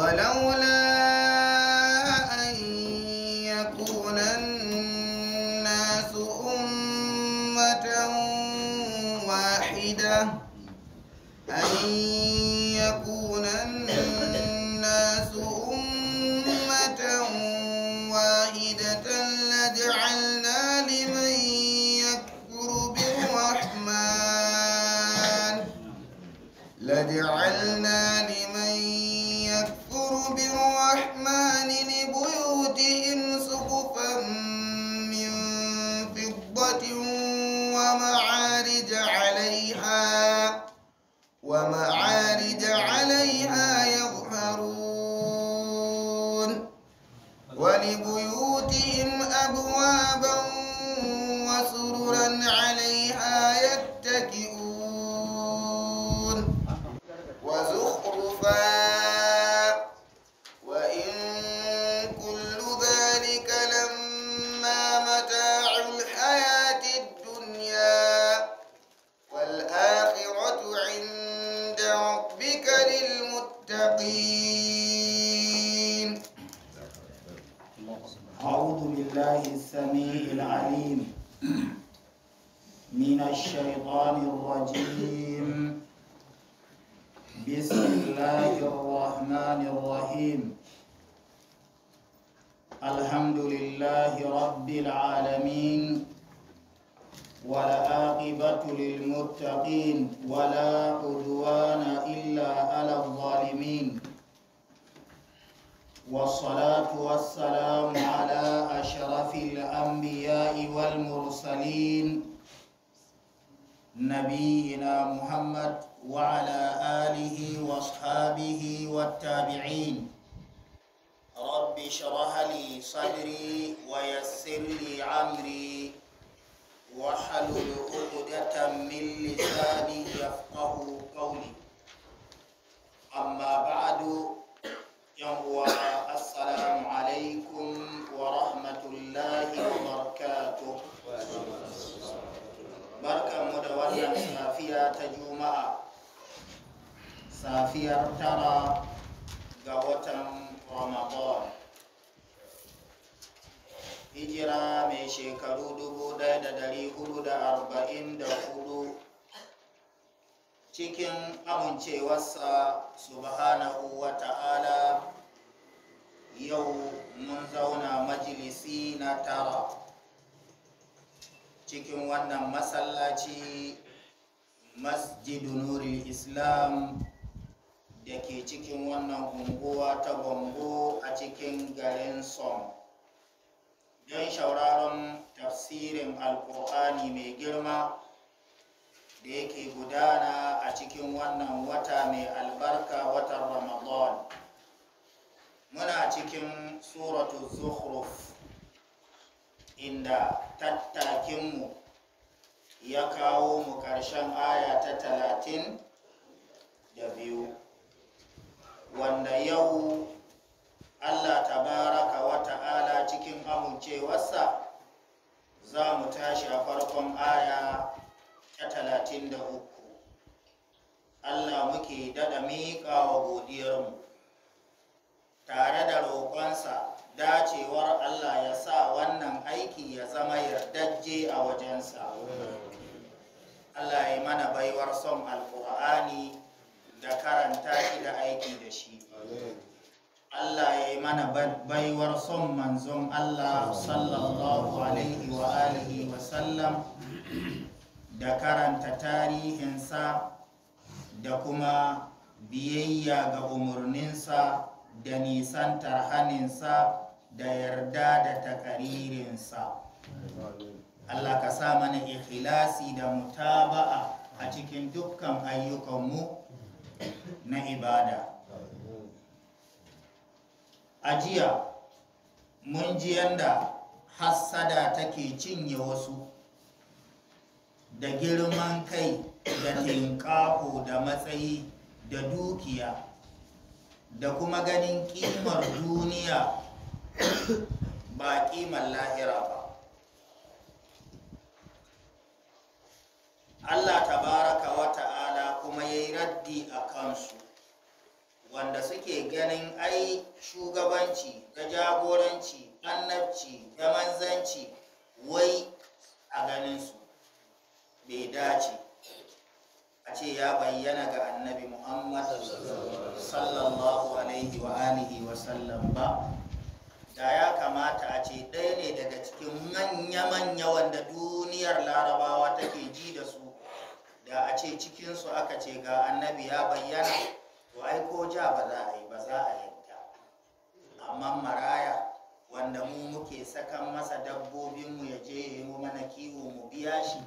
ولولا محمد وعلى آله وأصحابه والتابعين رب شرح لي صدري ويسر لي عمري وحلل عقدة من لساني يفقه قولي أما بعد يهوى السلام عليكم ورحمة الله وبركاته barkanmu da wannan eh, eh. safiya ta juma'a safiyar tara ga watan ramadan hijira mai shekaru dubu ɗaya da dari hudu da arba'in da hudu cikin amincewarsa subhanahu wa ta'ala yau mun zauna majalisi na tara cikin wannan masallaci masjidu Nuri islam da ke cikin wannan unguwa ta gombo a cikin garin som don shauraron tafsirin alkur'ani mai girma da yake gudana a cikin wannan wata mai albarka watan ramadan muna cikin suratu zuhruf inda tattakinmu ya kawo mu ƙarshen aya ta talatin da biyu wanda yau allah tabaraka wa ta'ala cikin amincewarsa za mu tashi a farkon aya ta talatin da uku allah muke daɗa miƙa wa godiyarmu tare da roƙonsa dacewar Allah ya sa wannan aiki ya zama yardajje a wajensa. Allah ya mana baiwar son Alƙur'ani da karanta shi da aiki da shi. Allah ya yi mana baiwar son manzon Allah sallallahu alaihi wa alihi wa sallam da karanta tarihinsa da kuma biyayya ga umarninsa da nisantar haninsa da yarda da takaririnsa Allah ka sa mana ikhlasi da mutaba'a a cikin dukkan ayyukanmu na ibada a jiya mun ji yanda hassada take cinye wasu da girman kai da tinƙaho da matsayi da dukiya da kuma ganin kimar duniya ba kimar lahira ba Allah tabaraka wa ta'ala kuma ya yi raddi a kansu wanda suke ganin ai shugabanci da jagoranci annabci da manzanci wai a ganinsu bai dace ce ya bayyana ga annabi muhammad sallallahu alaihi wa alihi wa sallam ba da ya kamata a ce ɗaya ne daga cikin manya-manya wanda duniyar larabawa take ji da su da a ce cikinsu aka ce ga annabi ya bayyana to ai ko ja ba za a yi ba za a yadda amma maraya wanda mu muke sakan masa dabbobinmu ya je ya yi mana kiwo mu biya shi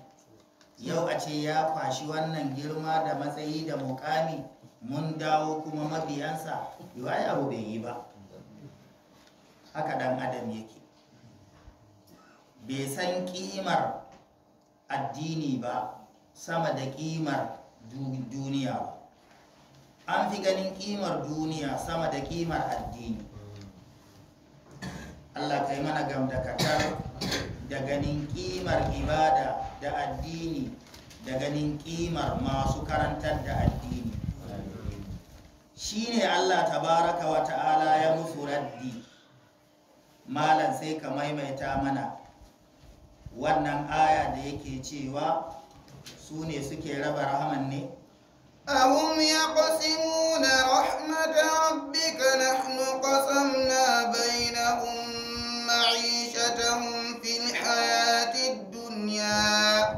yau a ce ya fashi wannan girma da matsayi da mukami mun dawo kuma mabiyansa yiwaye abu bai yi ba haka dan adam yake bai san kimar addini ba sama da kimar duniya ba an fi ganin kimar duniya sama da kimar addini allah ka yi mana gamdakatar da ganin kimar ibada da addini da ganin ƙimar masu karantar da addini Shi ne Allah tabaraka wa ta'ala ya musu raddi malam sai ka maimaita mana wannan aya da yake cewa su ne suke raba rahaman ne أهم يقسمون رحمة ربك نحن قسمنا بينهم معيشتهم في الحياة عليا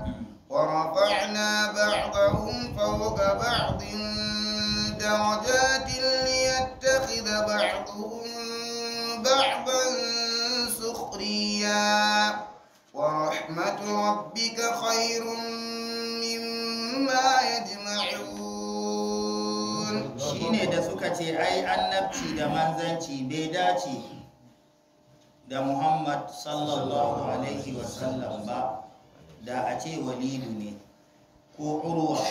ورفعنا بعضهم فوق بعض درجات ليتخذ بعضهم بعضا سخريا ورحمة ربك خير مما يجمعون shine da suka ce ai annabci da manzanci bai dace da Muhammad sallallahu alaihi wasallam ba da a ce walidu ne ko urwa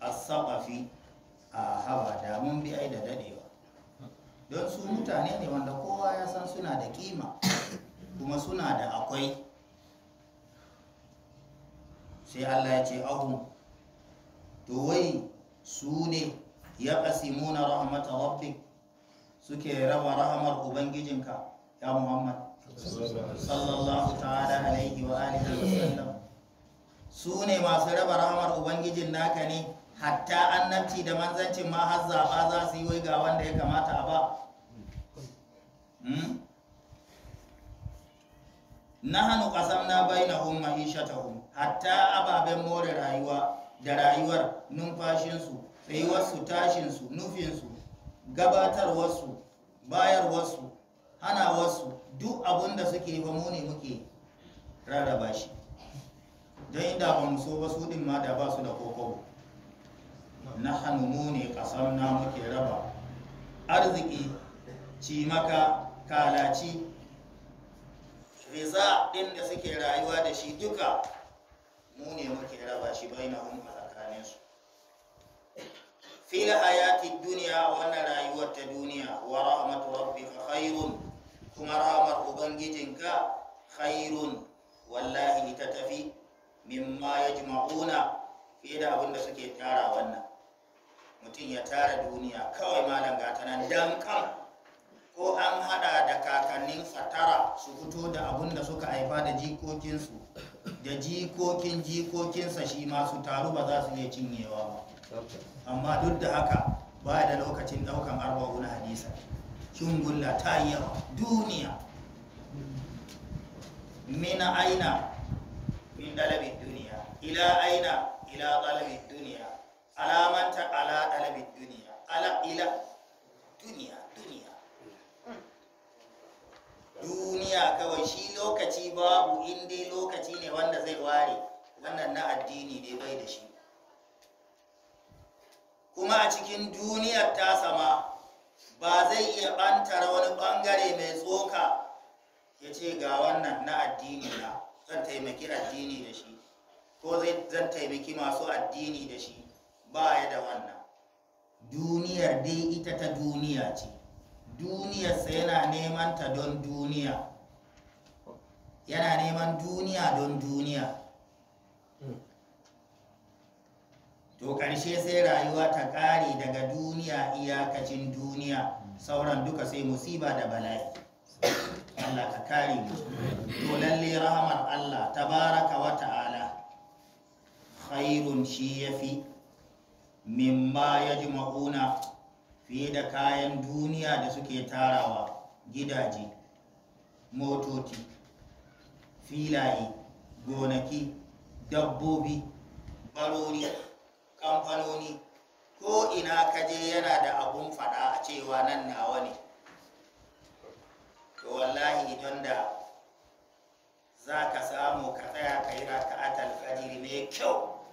a saƙafi a haba da mun bi ai da dadewa don su mutane ne wanda kowa ya san suna da kima kuma suna da akwai sai allah ya ce ahun to wai su ne ya ƙasimuna rahmata rabbik suke raba rahamar ubangijinka ya muhammad sallallahu ta'ala alaihi wa alihi wa sallam su ne masu raba rahamar ubangijin naka ne hatta annabci da manzancin ma har zaɓa za su yi ga wanda ya kamata ba hmm? na hannu ƙasam na bai na hun hatta ababen more rayuwa da rayuwar numfashinsu wasu tashinsu nufinsu gabatarwarsu bayarwarsu hanawarsu duk abunda suke ba mu ne muke rarraba shi don inda ba mu so ba su din ma da ba su da kokobo na hannu ne kasam na muke raba arziki ci maka kalaci riza din da suke rayuwa da shi duka mu ne muke raba shi bai na hun tsakaninsu fil hayati duniya wannan rayuwar ta duniya wa rahmatu rabbika khairun kuma rahmar ubangijinka khairun wallahi ta tafi mimma ya jima'una fiye da abinda suke tara wannan mutum ya tara duniya kawai malam gata nan dankan ko an hada da kakannin tara su fito da abinda suka haifa da jikokinsu da jikokin jikokinsa shi ma su taru ba za su iya cinyewa ba amma duk da haka ba da lokacin daukan arba'una hadisa gulla ta yawa duniya mina aina min talabi duniya ila aina ila talabi duniya alamanta ala talabi duniya ala ila duniya duniya duniya kawai shi lokaci babu in dai lokaci ne wanda zai ware wannan na addini dai bai da shi kuma a cikin duniyar ta sama ba zai iya ɓantara wani ɓangare mai tsoka ya ce ga wannan na addini na zan taimaki addini da shi ko zan taimaki masu addini da shi ba ya da wannan duniyar dai ita ta duniya ce duniyarsa yana neman ta don duniya yana neman duniya don duniya to karshe sai rayuwa ta ƙare daga duniya iyakacin duniya sauran duka sai musiba da bala'i Allah ka kare mu to lalle rahamar Allah tabaraka wa ta'ala khairun shi yafi mimma yajma'una fiye da kayan duniya da suke tarawa gidaje motoci filaye gonaki dabbobi baroni kamfanoni ko ina kaje yana da abun fada a cewa nan nawa ne to wallahi don da za ka samu ka tsaya ka yi raka'at alfajiri mai kyau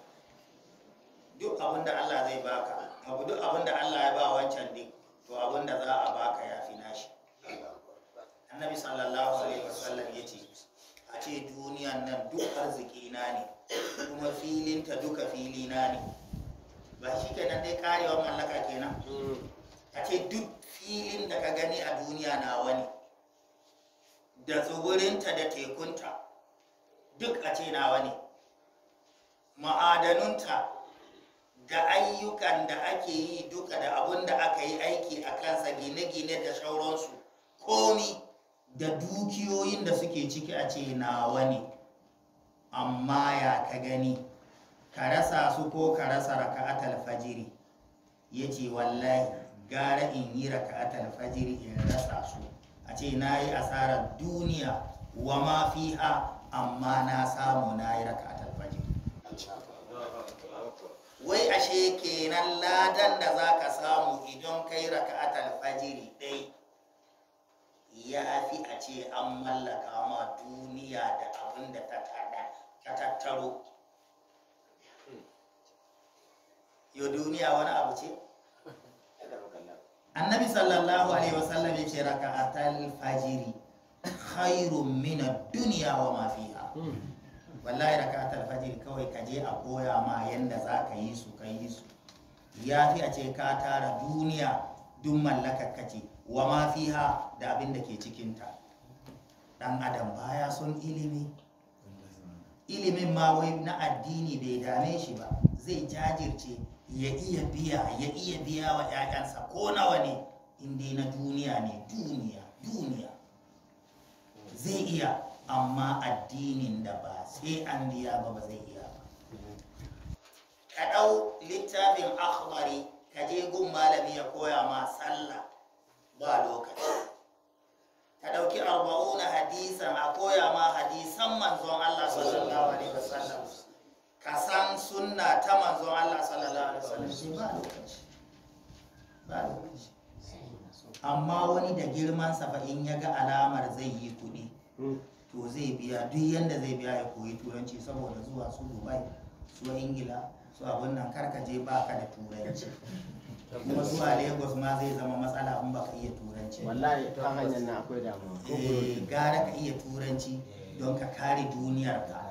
duk abin da Allah zai baka abu duk abin da Allah ya ba wancan ne to abin da za a baka ya fi nashi annabi sallallahu alaihi wasallam ya ce a ce duniyan nan duk arziki na ne kuma filinta duka filina ne ba shi ke nan dai karewar mallaka kenan mm. a ce duk filin da ka gani a duniya na ne da tsibirinta da tekunta duk a ce nawa ne ma'adanunta da ayyukan da ake yi duka da abun da aka yi aiki a kansa gine-gine da shauransu komi da dukiyoyin da suke ciki a ce nawa ne amma ya ka gani ka rasa su ko ka rasa raka'atal fajiri ya ce wallahi gara in yi raka'atal fajiri in rasa su a ce na yi asarar duniya wa ma a, amma na samu na yi raka alfajir wai ashe kenan ladan da za ka samu idan kai raka alfajiri dai? ya fi a ce an mallaka ma duniya da abin da ta tattaro yau duniya wani abu ce annabi sallallahu alaihi wasallam ya ce raka'atal fajiri khairun mina duniya wa ma fiha hmm. wallahi raka'atal fajiri kawai ka je a koya ma yanda za ka yi su ka yi su ya fi a ce ka tara duniya duk mallakar kace wa ma fiha da abin da ke cikinta dan adam baya sun ilimi ilimin ma na addini bai dame shi ba zai jajirce ya iya biya ya iya biya wa ƴaƴansa ko nawa ne in dai na duniya ne duniya duniya zai iya amma addinin da ba sai an biya ba ba zai iya ba ka ɗau littafin akhbari ka je gun malami ya koya ma sallah ba lokaci ka ɗauki arba'una hadisan a koya ma hadisan manzon Allah sallallahu alaihi wasallam ka san ta manzon Allah sallallahu alaihi wasallam ba lokaci ba lokaci amma wani da girman ba in ya ga alamar zai yi kuɗi hmm. to zai biya duk yadda zai biya ya koyi turanci saboda zuwa su Dubai su Ingila su abin nan karkaje baka da turanci kuma zuwa Lagos ma zai zama matsala in ba ka iya turanci wallahi ta hanyar na akwai damuwa eh, gara ka iya turanci don ka kare duniyar ka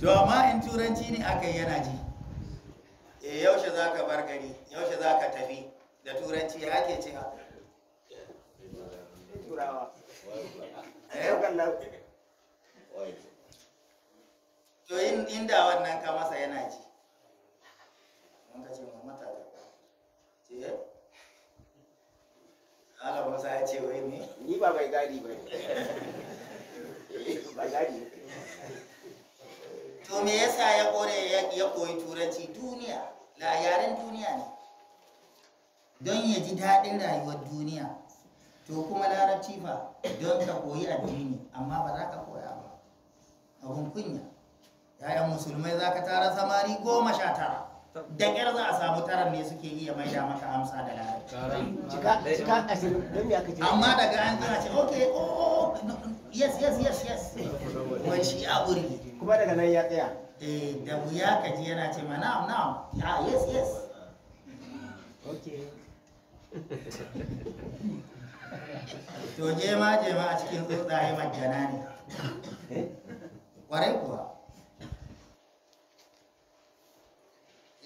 to amma in turanci ne aka yana ji eh, yaushe za ka bar gari yaushe za ka tafi da turanci ya ke cewa eh? to inda wannan ka masa yana ji wanda ce mu mata ce eh? ala musa ya ce wai ne ni ba bai gadi ba ba gadi to me yasa ya kore ya koyi turanci duniya la yaren duniya ne don ya ji daɗin rayuwar duniya to kuma larabci fa don ka koyi addini amma ba za ka koya ba abun kunya yayan musulmai za ka tara samari goma sha tara da ƙyar za a samu tarar ne suke iya mai da maka amsa da larabci cika ashirin don me aka amma daga an tana ce ok oh, oh, oh, oh yes yes yes yes wai shi a burge kuma daga nan ya tsaya eh da wuya ka ji yana ce ma na'am na'am ah yes yes ok to je ma je ma a cikin tsuntsaye majjana ne ƙwarai eh? kuwa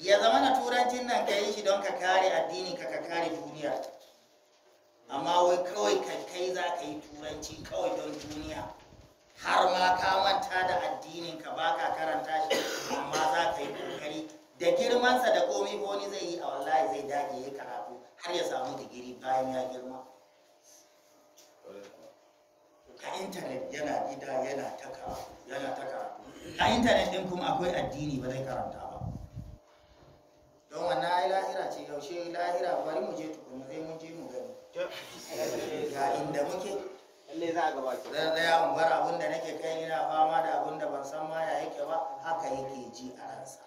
ya zama na turancin nan ka yi shi don ka kare addini ka ka kare duniya amma wai kawai kai za ka yi turanci kawai don duniya har ma ka manta da addinin ka ba karanta shi amma za ka yi kokari da girmansa da komai ko zai yi a wallahi zai dage ya karatu har ya samu digiri bayan ya girma a intanet yana gida yana takara. a intanet din kuma akwai addini ba zai karanta don wannan ai lahira ce yaushe lahira bari mu je tukunu sai mun je mu gani ga inda muke zai za a bar abin da nake kai na fama da abin da ban san ma ya yake ba haka yake ji a ransa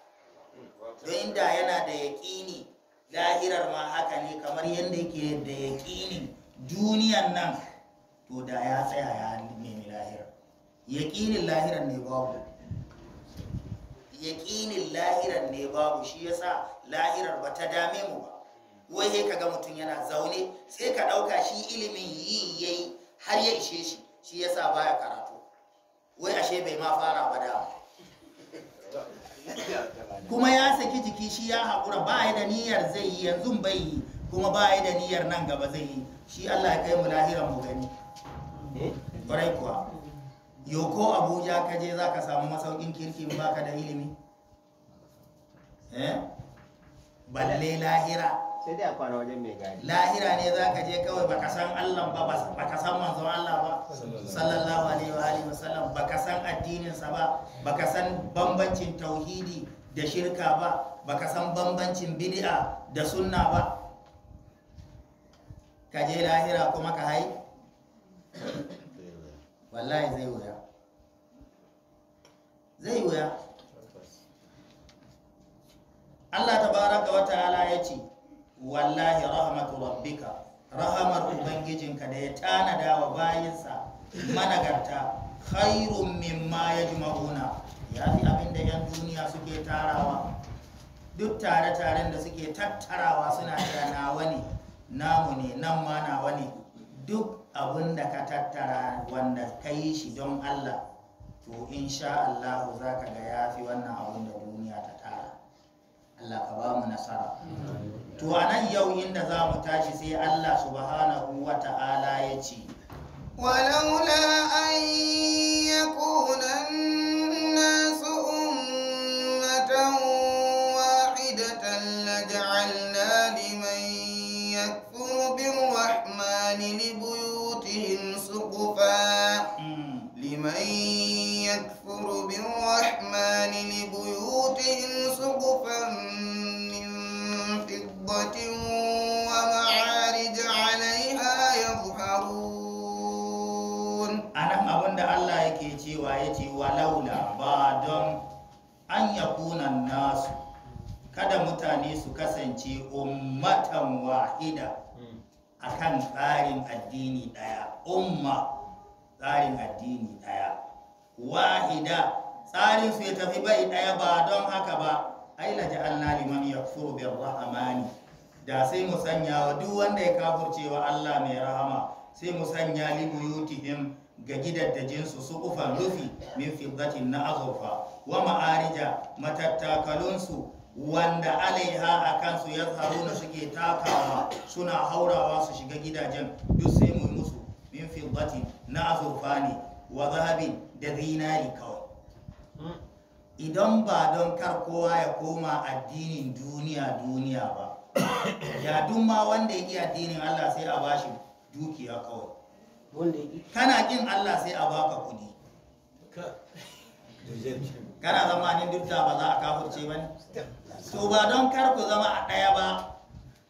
don inda yana da yaƙini lahirar ma haka ne kamar yadda yake da yaƙini duniyan nan to da ya tsaya ya nemi lahirar yaƙinin lahirar ne babu yaƙinin lahiran ne babu shi ya sa lahirar ba ta dame mu ba wai sai ga mutum yana zaune sai ka ɗauka shi ilimin yi yayi har ya ishe shi shi ya ba baya karatu wai ashe bai ma fara ba da kuma ya saki jiki shi ya haƙura ba ya da niyyar zai yi yanzu bai yi kuma ba ya da niyyar nan gaba zai yi shi Allah ya kai mu lahiran mu gani eh? ƙwarai kuwa yoko abuja ka je za ka samu masaukin kirki ba ka da ilimi eh? balle lahira sai dai wajen mai gari lahira ne za ka je kawai baka san allah ba baka san manzon allah ba sallallahu alaihi wa alihi wasallam baka san addininsa ba baka san bambancin tauhidi da shirka ba baka san bambancin bid'a da sunna ba ka je lahira kuma ka hai wallahi zai wuya zai wuya Allah tabaraka wa ta'ala ya ce wallahi rahmatu rabbika rahamar ubangijinka da ya tanada wa bayinsa managarta khairun mimma mauna ya fi abinda yan duniya suke tarawa duk tare-taren da suke tattarawa suna cewa nawa ne namu ne nan ma nawa ne duk abin da ka tattara wanda ka yi shi don Allah to in Allah za ka ga ya fi wannan abin da duniya ta tara Allah ka ba mu nasara to a nan yau inda za mu tashi sai Allah subhanahu wa ta'ala ya ce ولولا أن يكون الناس أمة بهم سقفا لمن يكفر بالرحمن لبيوتهم سقفا من فضة ومعارج عليها يظهرون أنا ما أبن الله يكيتي ويتي ولولا بعد أن يكون الناس kada mutane su kasance ummatan wahida akan tsarin addini ɗaya umma tsarin addini ɗaya wahida tsarin su ya tafi bai ɗaya ba don haka ba aila ja'alna liman yakfuru birrahmani da sai mu sanya wa duk wanda ya wa Allah mai rahama sai mu sanya li buyutihim ga jinsu su kufan rufi min fiddatin na azurfa wa ma'arija su. wanda alaiha a kansu ya na suke takawa suna haurawa su shiga gidajen duk sai mu musu min fiddati na azurfa ne wa zahabi da zinari kawai idan ba don kar kowa ya koma addinin duniya duniya ba ya ma wanda ya ƙi addinin Allah sai a bashi dukiya kawai kana ƙin Allah sai a baka kuɗi kana ne duk da ba za a kafurce ba ne to ba don kar ku zama a ɗaya ba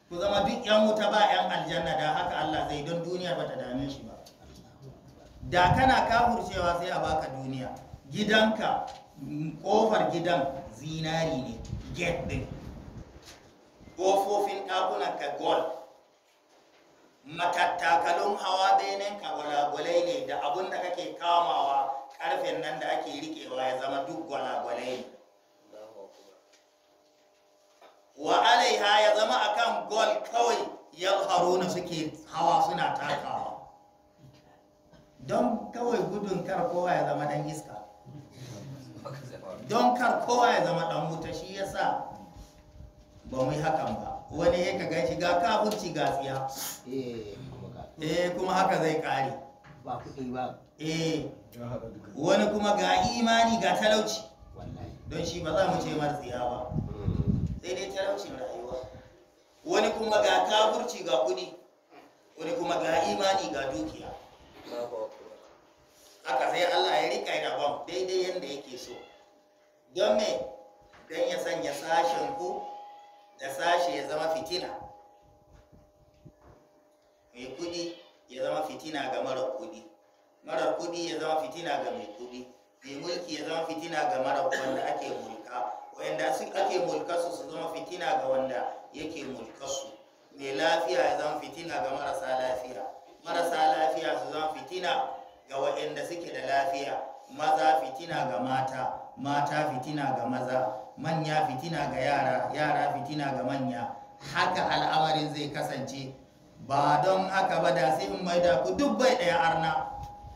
ku zama duk yan wuta ba yan aljanna da haka Allah zai don duniya ba ta dame shi ba da kana kafurcewa sai a baka duniya gidanka kofar gidan zinari ne gate din kofofin ɗakunan ka gold matattakalun hawa benen ka gwalagwalai ne da abun da kake kamawa karfen nan da ake riƙewa ya zama duk gwalagwale wa alaiha ya zama a kan gol kawai na suke hawa suna takawa don kawai gudun kar kowa ya zama dan iska don kar kowa ya zama dan wuta shi ya sa ba mu yi hakan ba wani ya ka gaishi ga kafurci eh, ga eh kuma haka zai kare ba kuɗi ba eh wani kuma ga imani ga talauci don shi ba za mu ce mar tsiya ba sai dai talaucin rayuwa wani kuma ga kafurci ga kuɗi wani kuma ga imani ga dukiya haka sai Allah ya rika yana bam daidai yadda yake so don me don ya sanya sashen ku da sashe ya zama fitina mai kuɗi ya zama fitina ga mara kuɗi mara kudi ya zama fitina ga mai kuɗi mai mulki ya zama fitina ga mara wanda ake mulka wanda ake mulka su su zama fitina ga wanda yake mulka su mai lafiya ya zama fitina ga marasa lafiya marasa lafiya su zama fitina ga waɗanda suke da lafiya maza fitina ga mata mata fitina ga maza manya fitina ga yara yara fitina ga manya haka al'amarin zai kasance ba don aka ba da sai in da ku duk bai ɗaya arna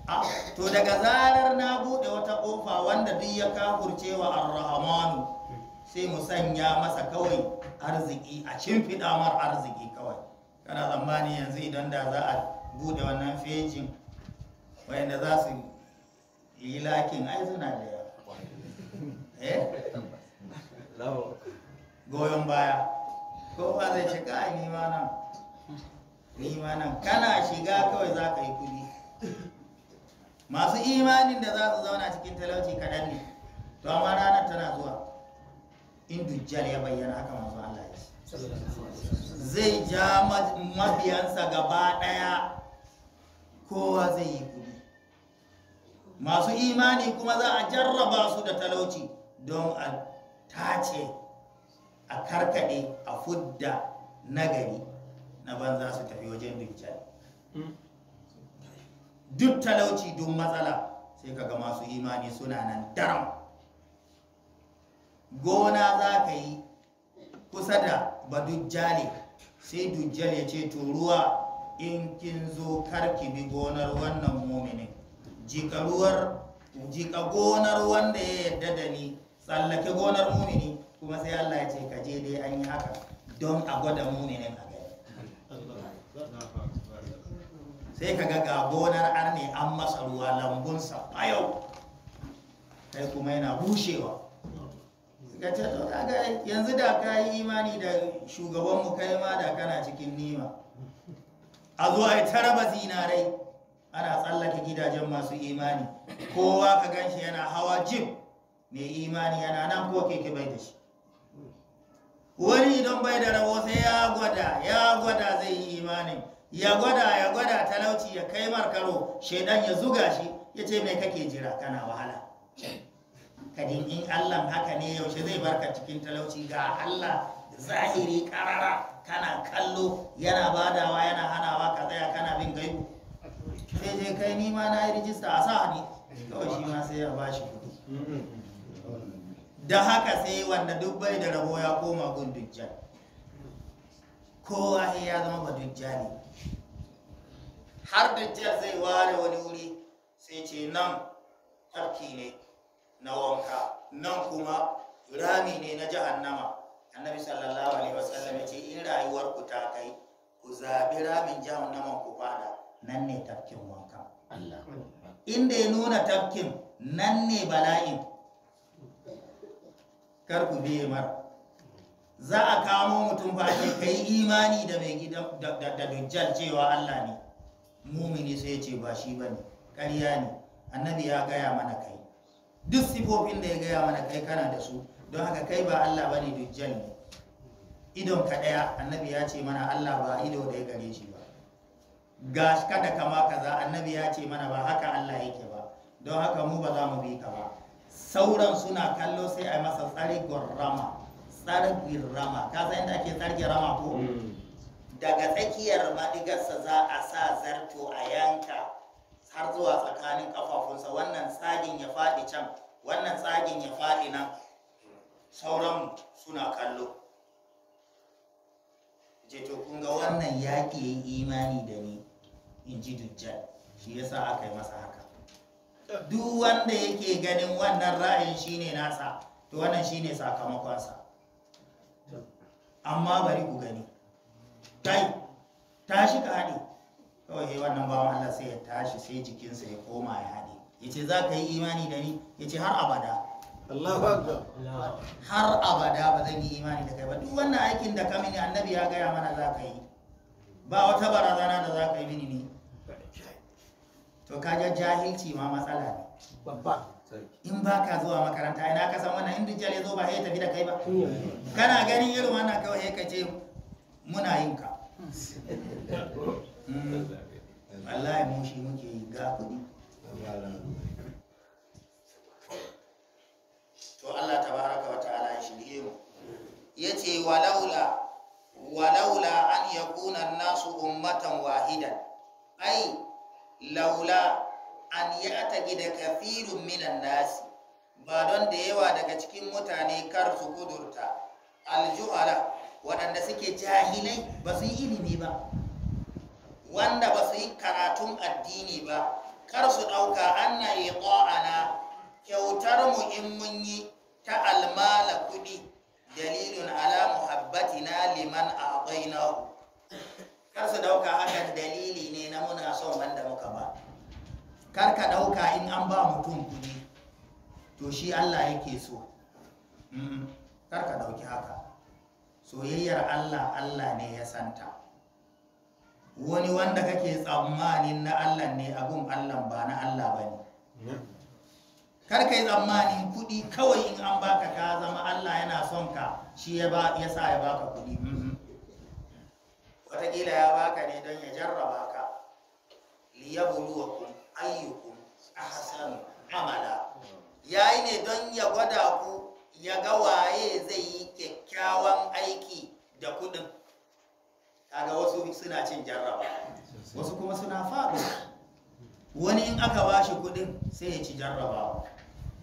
ah, to daga zarar na bude wata ƙofa wanda duk ya kafurce wa arrahamanu sai mu sanya masa kawai arziki a cin fidamar arziki kawai kana zamani yanzu idan da za a buɗe wannan fejin wanda za su yi lakin ai suna da yawa eh goyon baya kowa zai shiga a ni nan imanin kana shiga kawai za ka yi kudi masu imanin da za su zauna cikin talauci kaɗan ne to amma ranar tana zuwa in dujjal ya bayyana haka masu Allah ya zai ja mabiyansa gaba ɗaya kowa zai yi kudi masu imani kuma za a jarraba su da talauci don a tace a karkade a fudda nagari na ban za su tafi wajen bincike hmm. duk talauci duk matsala sai ka ga masu imani suna nan daram gona za ka yi kusa da ba badujjali sai dujjal ya ce to ruwa in kin zo karki bi gonar wannan muminin jika gonar wanda ya yadda da ni tsallake gonar mumini kuma sai Allah ya ce ka je dai an yi haka don a gwada muminin sai ka ga gonar arne an masa ruwa lambunsa a yau sai kuma yana bushewa ga ce to kaga yanzu da ka yi imani da shugabanmu kai ma da kana cikin nima a zuwa ya ba zinarai ana tsallake gidajen masu imani kowa ka ganshi yana hawa jim mai imani yana nan ko keke bai da shi wani idan bai da rabo sai ya gwada ya gwada zai yi imanin ya gwada ya gwada talauci ya kai markaro shaidan ya zuga shi ya ce mai kake jira kana wahala kadin in allah haka ne yaushe zai barka cikin talauci ga allah zahiri karara kana kallo yana badawa yana hanawa ka tsaya kana bin gai? sai je kai ni ma na yi rijista a sa ne kawai shi ma sai ya bashi kuɗi da haka sai wanda dubbai da rabo ya koma gun jan kowa ya zama ba ne. har dajjal zai ware wani wuri sai ce nan tafki ne na wanka nan kuma rami ne na jahannama annabi sallallahu alaihi wasallam ya ce in rayuwar ku ta kai ku zabi ramin jahannama ku fada nan ne tafkin wanka inda ya nuna tafkin nan ne bala'in kar ku biye mar za a kamo mutum ba kai imani da mai gidan da dujjal cewa Allah ne mumini sai ya ce ba shi ba ne ƙarya ne annabi ya gaya mana kai duk sifofin da ya gaya mana kai kana da su don haka kai ba allah ba ne dujjal ne idon ka ɗaya annabi ya ce mana allah ba ido da ya gare shi ba ga kada kama kaza annabi ya ce mana ba haka allah yake ba don haka mu ba za mu bi ka ba sauran suna kallo sai a masa tsari rama tsari rama ka san yadda ake tsarki rama ko mm. daga tsakiyar madigarsa za a sa zarto a yanka har zuwa tsakanin kafafunsa wannan tsagin ya faɗi can wannan tsagin ya faɗi nan sauran suna kallo jeto kun ga wannan yaƙi ya imani da ni in ji dujjal shi yasa aka yi masa haka duk wanda yake ganin wannan ra'ayin shine nasa to wannan shine sakamakonsa amma bari ku gani tai tashi ka hade kawai sai wannan bawan Allah sai ya tashi sai jikinsa ya koma ya hade yace za ka yi imani da ni yace har abada har abada ba zan yi imani da kai ba duk wannan aikin da ka mini annabi ya gaya mana za ka yi ba wata barazana da za ka yi mini ne to kaga jahilci ma matsala ne in ba ka zuwa makaranta ina ka san wannan in dijjal ya zo ba sai tafi da kai ba kana ganin irin wannan kawai sai ka ce muna yin ka wallahi mun shi muke ga kuɗi to Allah tabaraka wa ta'ala ya shirye mu yace walaula walaula an yakuna an-nasu ummatan wahidan ai laula an ya'taqi da kathirun minan nasi ba don da yawa daga cikin mutane kar su kudurta aljuhala waɗanda suke jahilai ba su yi ilimi ba wanda ba su yi karatun addini ba kar su ɗauka anna ƙo'ana kyautar mu in mun yi ta almala kuɗi dalilun ala muhabbatina liman a'tainahu kar su ɗauka hakan dalili ne na muna son wanda muka ba kar ka ɗauka in an ba mutum kuɗi to shi Allah yake so mm-hmm. kar ka ɗauki haka soyayyar Allah Allah ne ya santa wani wanda kake tsammanin na Allah ne abun Allah ba na Allah ba ne kar kai tsammanin kuɗi kawai in an baka ka zama Allah yana son ka shi ya sa ya baka kuɗi mm-hmm. wataƙila ya baka ne don ya jarraba ka liyabluwakum ayyukum ahsan amala yayi ne don ya gwada ku ya ga waye zai yi kyakkyawa kyakkyawan aiki da kuɗin kaga wasu suna cin jarraba wasu kuma suna faɗo wani in aka ba shi kuɗin sai ya ci jarrabawa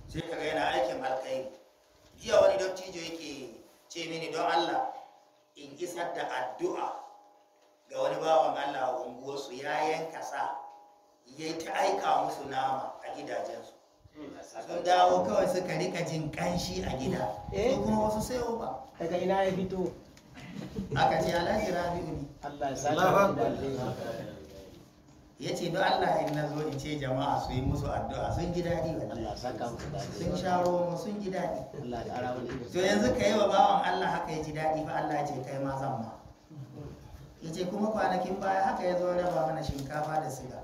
sai kaga yana aikin alkhairi jiya wani dattijo yake ce mini don Allah in isar da addu'a ga wani bawan Allah a unguwarsu ya yanka sa ya ta aika musu nama a gidajensu sun dawo kawai suka rika jin kanshi a gida ko eh? kuma wasu sayo ba daga ina ya fito aka ce alhaji rabi'u ne Allah ya sa ya ce don Allah in na zo in ce jama'a su yi musu addu'a sun ji daɗi sun sha mu sun ji daɗi to yanzu ka yi wa bawan Allah haka ya ji daɗi fa Allah ya ce kai ma zan ma ya ce kuma kwanakin baya haka ya zo raba mana shinkafa da siga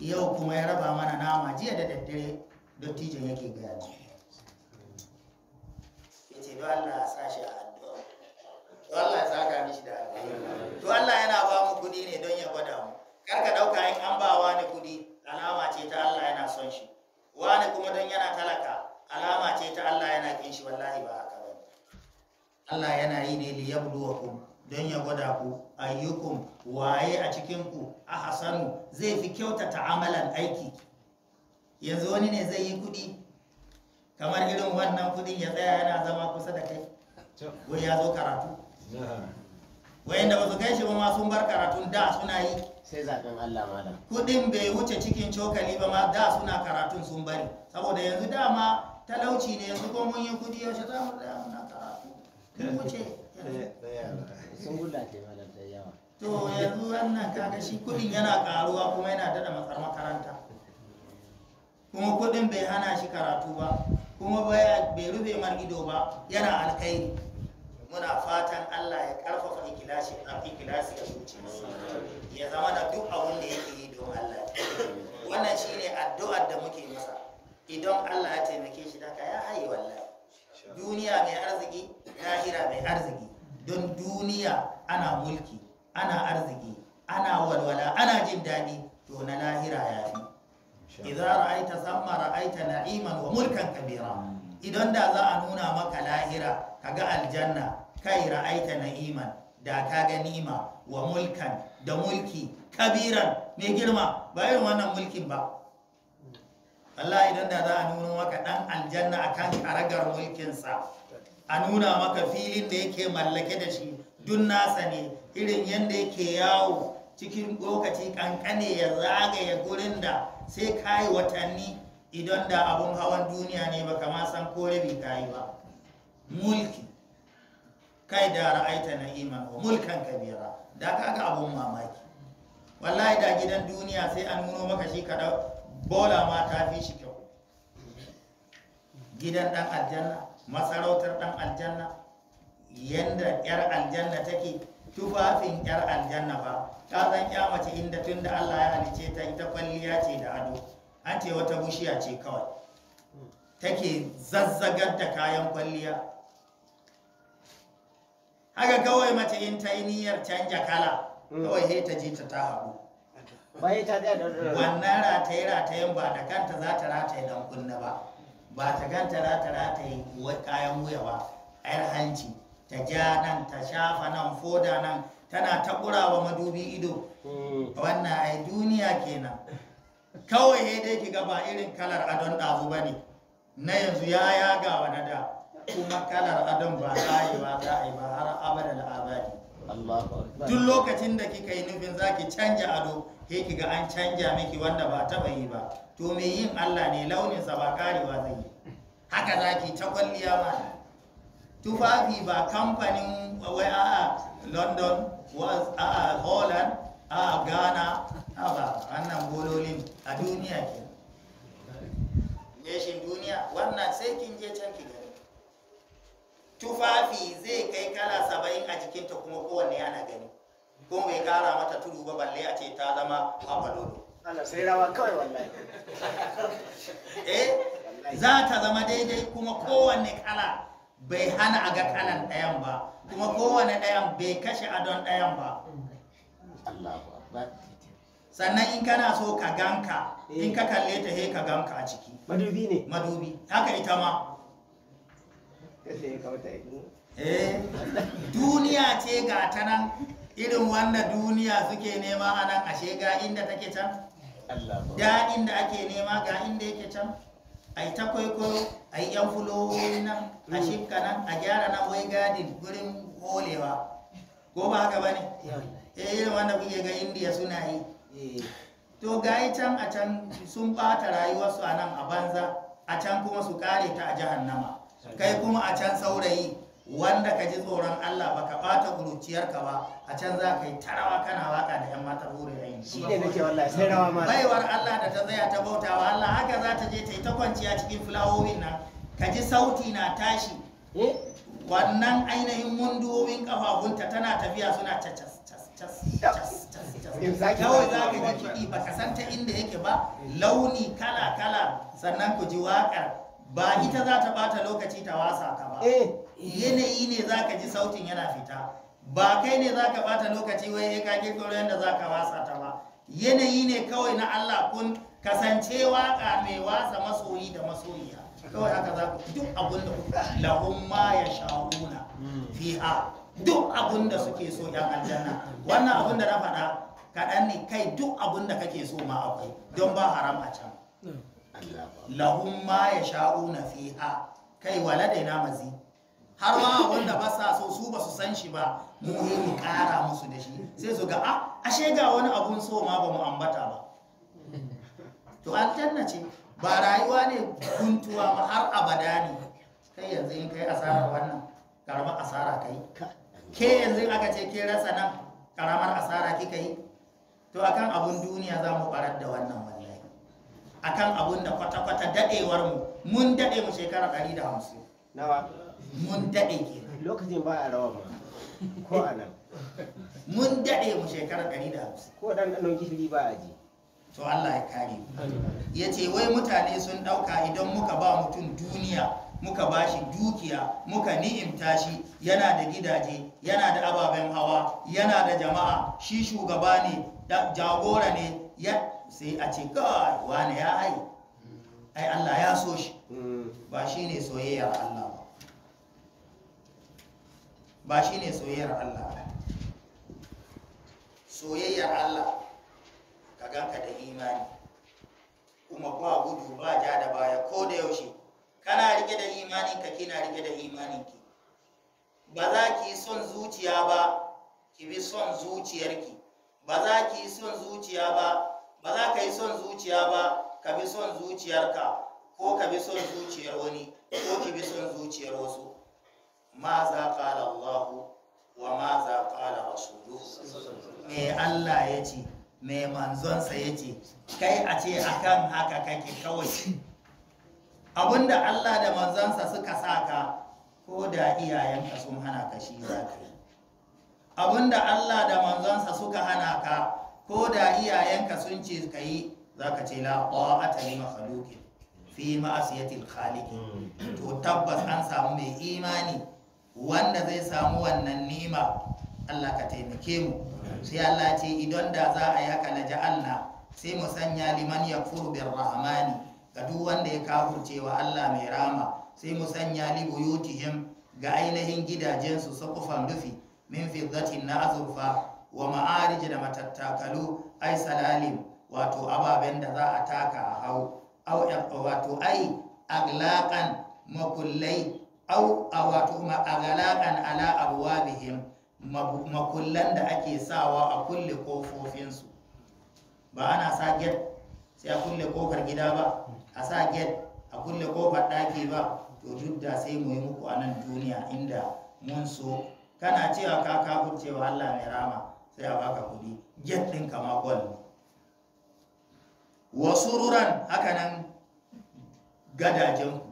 yau kuma ya raba mana nama jiya da daddare dattijan yake gaya ne ya ce don Allah ya sa shi a addu'a to Allah ya saka mishi da alheri to Allah yana ba mu kuɗi ne don ya gwada mu kar ka ɗauka in an ba wani kuɗi alama ce ta Allah yana son shi wani kuma don yana talaka alama ce ta Allah yana kin shi wallahi ba haka ba Allah yana yi ne li yabluwakum don ya gwada ku ayyukum waye a cikin ku ahsanu zai fi kyautata amalan aiki yanzu wani ne zai yi kuɗi kamar irin wannan kuɗin ya tsaya yana zama kusa da kai wai ya zo karatu Wai da wasu kai shi ba ma sun bar karatun da suna yi sai zaben Allah malam kuɗin bai wuce cikin cokali ba ma da suna karatun sun bari saboda yanzu dama talauci ne yanzu ko mun yi kuɗi yaushe za mu tsaya muna karatu mun wuce sun ke malam da yawa to yanzu wannan kaga shi kuɗin yana karuwa kuma yana dada matsar makaranta kuma kudin bai hana shi karatu ba kuma bai rufe mar ido ba yana alkhairi muna fatan Allah ya karfafa ikilashi a ikilasi a zuciyarsa ya zama da duk abin da yake yi don Allah wannan shi ne addu'ar da muke masa idan Allah ya taimake shi daga ya haye wallahi duniya mai arziki lahira mai arziki don duniya ana mulki ana arziki ana walwala ana jin daɗi to na lahira ya fi idza ra'aita samma ra'aita na'iman wa mulkan kabira hmm. idan da za a nuna maka lahira kaga aljanna kai ra'aita na'iman da ka ga nima wa mulkan da mulki kabiran mai girma ba irin wannan mulkin ba Allah idan da za a nuna maka dan aljanna akan karagar mulkinsa a nuna maka filin da yake mallake da shi dun nasa ne irin yadda yake yawo cikin lokaci kankane ya zagaya gurin da sai ka watanni idan da abun hawan duniya ne ba kama san ko rabi ka ba mulki kai da ra'aita na'ima wa mulkan kabira da ga abun mamaki wallahi da gidan duniya sai an nuno maka shi ka bola ma ta fi shi kyau gidan dan aljanna masarautar dan aljanna yanda yar aljanna take tufafin yar aljanna ba ta san ya mace inda tunda Allah ya halice ta ita kwalliya ce da ado an ce wata bushiya ce kawai take zazzagar da kayan kwalliya haka kawai mace in ta yi niyyar canja kala mm. kawai sai ta ji ta ta hagu wannan rataye ratayen ba da kanta za ta rataye dan kunna ba ba ta kanta za ta kayan wuya ba a 'yar hanci ta ja nan ta shafa nan foda nan tana ta wa madubi ido hmm. wannan ai duniya kenan kawai ya dai kiga ba irin kalar adon ɗazu ba ne na yanzu ya yaga wa na da kuma kalar adon ba ba za a yi ba har abada abadi duk lokacin da kika yi nufin za ki canja ado ke kiga an canja miki wanda ba taba yi ba to mai yin allah ne launinsa ba karewa zai yi haka za ki ta kwalliya ma tufafi ba kamfanin wai a london was a holland a ghana a ba annan bololin a duniya ke reshin duniya wannan sai kin je can ki gani tufafi zai kai kala saba'in a jikinta kuma kowanne yana gani ko bai kara mata tudu ba balle a ce ta zama a balolo Allah sai rawa kawai wallahi eh za ta zama daidai kuma kowanne kala bai hana a ga kanan ɗayan ba kuma kowane ɗayan bai kashe a don ɗayan ba sannan in kana so ka ganka in ka kalle ta he ka ganka a ciki madubi ne madubi haka ita ma eh, duniya ce ga ta nan irin wanda duniya suke nema a nan ashe ga inda take can ga inda ake nema ga inda yake can a yi ta kwaikwayo a yi yan fulo na a mm. shifka nan a gyara na wai gadin gurin holewa ko ba haka ba ne eh irin wanda kuke ga indiya suna yi eh. to gayi can a can sun bata rayuwarsu a nan a banza a can kuma su kare ta a jihar jahannama kai kuma a can saurayi wanda ka ji tsoron Allah ba ka bata ka ba a can za ka yi tarawa kana waka da yan mata bure yayin shi ne nake wallahi sai rawa ma baiwar Allah da ta zaya ta bautawa Allah haka za ta je ta yi ta kwanciya cikin fulawowin nan ka ji sauti na tashi eh? wannan ainihin munduwowin kafafunta tana tafiya suna cacas kawai za ka ga kiɗi ba ka san ta inda yake ba launi kala kala sannan ku ji waƙar ba ita za ta bata lokaci ta wasa ka ba eh. yanayi ne za ka ji sautin yana fita ba kai ne za ka bata lokaci wai ya kage kirkiro yadda za ka wasa ta ba yanayi ne kawai na Allah kun kasance waka mai wasa masoyi da masoyiya kawai haka za ku duk abun da lahun ma ya sha'una fiha duk abun da suke so yan aljanna wannan abun da na faɗa kaɗan ne kai duk abun da kake so ma akwai don ba haram a can lahun ma ya sha'una fiha kai waladaina mazi har ma wanda ba sa so su ba su san shi ba mu yi mu kara musu da shi sai su ga a ah, ashe ga wani abun so ma ba mu ambata ba to aljanna ce ba rayuwa ne guntuwa ba har abada ne kai yanzu in kai asarar wannan karamar asara kai ke yanzu aka ce ke rasa nan karamar asara kika yi to akan abun duniya za mu barar da wannan wallahi akan abun da kwata-kwata dadewar mu mun dade mu shekara 150 nawa mun daɗe ke lokacin ba a rawa ba ko a nan mun daɗe mu shekara ɗari da hamsin ko ɗan ɗanon gishiri ba a ji to Allah ya kare ya ce wai mutane sun ɗauka idan muka ba mutum duniya muka ba shi dukiya muka ni'imta shi yana da gidaje yana da ababen hawa yana da jama'a shi shugaba ne jagora ne ya sai a ce kawai wane ya ai ai Allah ya so shi mm. ba shi ne soyayya Allah ba shi ne soyayyar Allah soyayyar Allah ka ganka da imani kuma ba gudu ba ja da baya ko da yaushe kana rike da imanin ka kina rike da imanin ki ba za ki son zuciya ba ki bi son zuciyarki ba za ki son zuciya ba ba za ka yi son zuciya ba ka bi son zuciyar ka ko ka bi son zuciyar wani ko ki bi son zuciyar wasu maza qala Allah wa maza qala rasulu me Allah ya ce me manzonsa ya ce kai a ce akan haka kake kawai abinda Allah da manzonsa suka saka ko da iyayenka sun hana ka shi za ka yi abinda Allah da manzonsa suka hana ka ko da iyayenka sun ce ka yi za ka ce la ta yi makhluqin fi ma'asiyatil khaliki hmm. to tabbas an samu mai imani wanda zai samu wannan nima Allah ka taimake mu sai Allah ce idan da za a yaka haka na ja'alna sai mu sanya liman ya bin rahamani ga duk wanda ya kafurce wa Allah mai rama sai mu sanya li buyutihim ga ainihin gidajensu sakufan rufi min fiddatin na azurfa wa ma'arij da matattakalu ai salalim wato ababen da za a taka a hau au wato ai aglaƙan makullai au a wato agalaƙan ala abwabihim makullan da ake sawa a kulle kofofinsu ba ana sa get sai a kulle kofar gida ba a sa get a kulle kofar ɗaki ba to duk da sai mu yi muku a nan duniya inda mun so kana cewa ka kafin cewa Allah mai rama sai a baka kuɗi get ɗin kama gwal wasu ruran hakanan gadajenku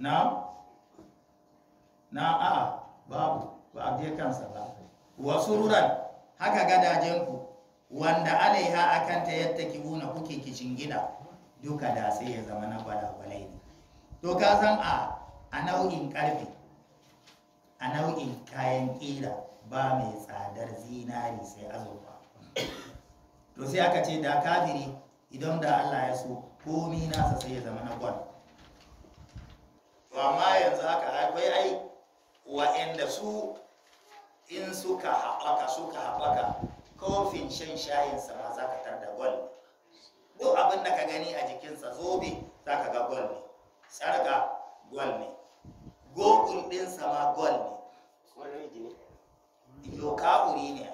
now now a babu ba a biya kansa ba wasu ruran haka gadajenku wanda alaiha ta yadda ki wuna kuke kicin gida duka da sai ya zama na gwalagwalai ne to ka san a a nau'in karfe a nau'in kayan kila ba mai tsadar zinari sai azurfa to sai aka ce da kafiri idan da allah ya so komi nasa sai ya zama na gwal to amma yanzu haka akwai ai wa'anda su in suka haɓaka suka haɓaka kofin shan shayinsa ma za ka tarda gwal ne duk abin da ka gani a jikinsa zobe za ka ga gwal ne sarga gwal ne gogun ɗinsa ma gwal ne yoka wuri ne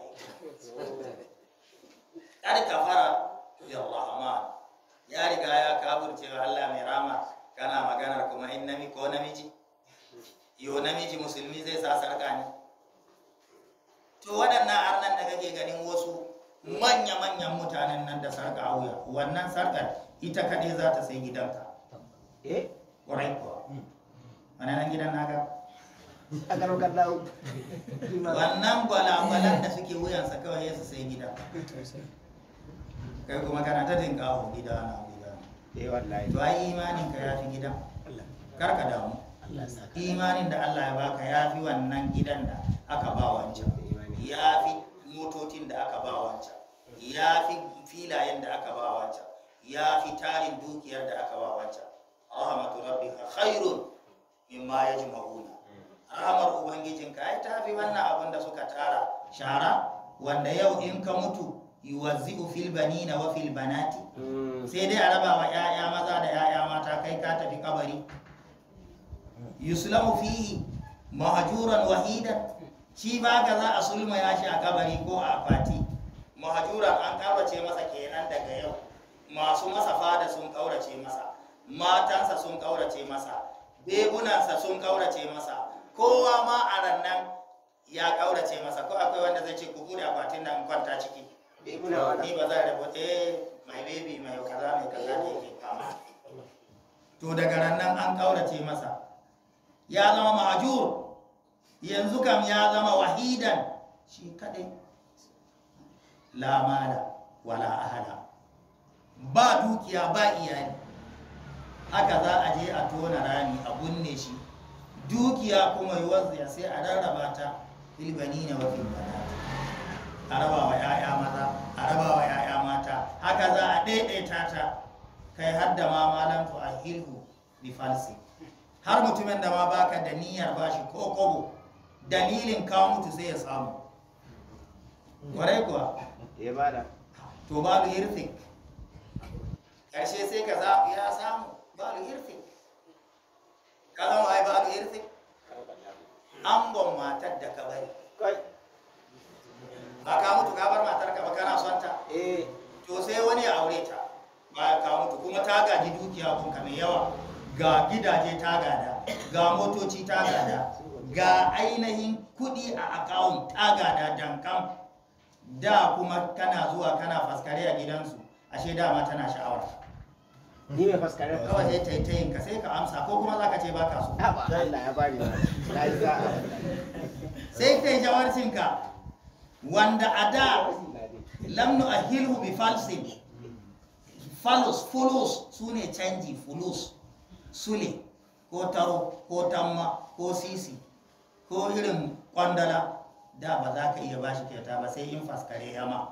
a yi ƙarƙa yawon ya riga ya kafurce wa Allah mai rama kana magana kuma in nami ko namiji yo namiji musulmi zai sa sarka ne to waɗannan arnan da kake ganin wasu manya-manyan mutanen nan da sarka a wuya wannan sarkar ita kaɗai za ta sai gidanka eh ƙwarai kuwa mana hmm. nan gidan naka a karokar wannan gwalagwalan da suke wuyansa kawai ya su sai gidan. kai kuma kana ta dinka gida na eh wallahi to ai imanin ka ya fi gidan kar ka damu imanin da Allah ya baka ya fi wannan gidan da aka ba wancan eh, ya fi motocin da aka ba wancan ya fi filayen da aka ba wancan ya fi tarin dukiyar da aka ba wancan rahmatu rabbika khairun mimma yajma'una rahamar ubangijinka ai ta fi wannan abin da suka tara shara wanda yau in ka mutu yuwazi'u fil banina wa fil banati hmm. sai dai a raba wa ƴaƴa maza da ƴaƴa mata kai ka tafi kabari yuslamu fihi mahajuran Wahida. shi ba ga za a sulma ya shi a kabari ko a akwati mahajuran an kawace masa kenan daga yau masu masa fada sun kaurace masa matansa sun kaurace masa bebunansa sun kaurace masa kowa ma a rannan ya kaurace masa ko akwai wanda zai ce ku bude akwatin nan kwanta ciki ni ba za a rabu eh, mai baby mai kaza mai kaza ne ke fama to daga nan an kaurace masa ya zama ma'ajur. yanzu kam ya zama wahidan shi kadai la wala ahala ba dukiya ba iyali haka za a je a tona rami a gunne shi dukiya kuma yi sai a rarraba ta filbani na wafin banata a raba wa 'ya'ya maza a raba wa 'ya'ya mata haka za a ɗaiɗaita ta kai har da ma malam a ahilhu bi falsi har mutumin da ma baka da niyyar bashi ko kobo dalilin kawo mutu sai ya samu kwarai kuwa ya eh, bada to babu hirfik ƙarshe sai ka za ya samu babu hirfik kalan ai babu hirfik angon matar da ka bari ba ka mutu ka bar matar ka ba kana son ta eh to sai wani ya aure ta ba ka mutu kuma ta gaji dukiya kun ka mai yawa ga gidaje ta gada ga motoci ta gada ga ainihin kuɗi a akawun ta gada dankam da kuma kana zuwa kana faskare a gidansu ashe dama tana sha'awar ni mai faskare kawai sai taitayin ka sai ka amsa ko kuma zaka ce baka so Allah ya bari na yi sai kai jawarcin ka wanda a da lamnu a hilu bi falsin falus fulus su ne canji fulus sule ko taro ko tamma ko sisi ko irin kwandala da ba za ka iya bashi kyauta ba sai in faskare yama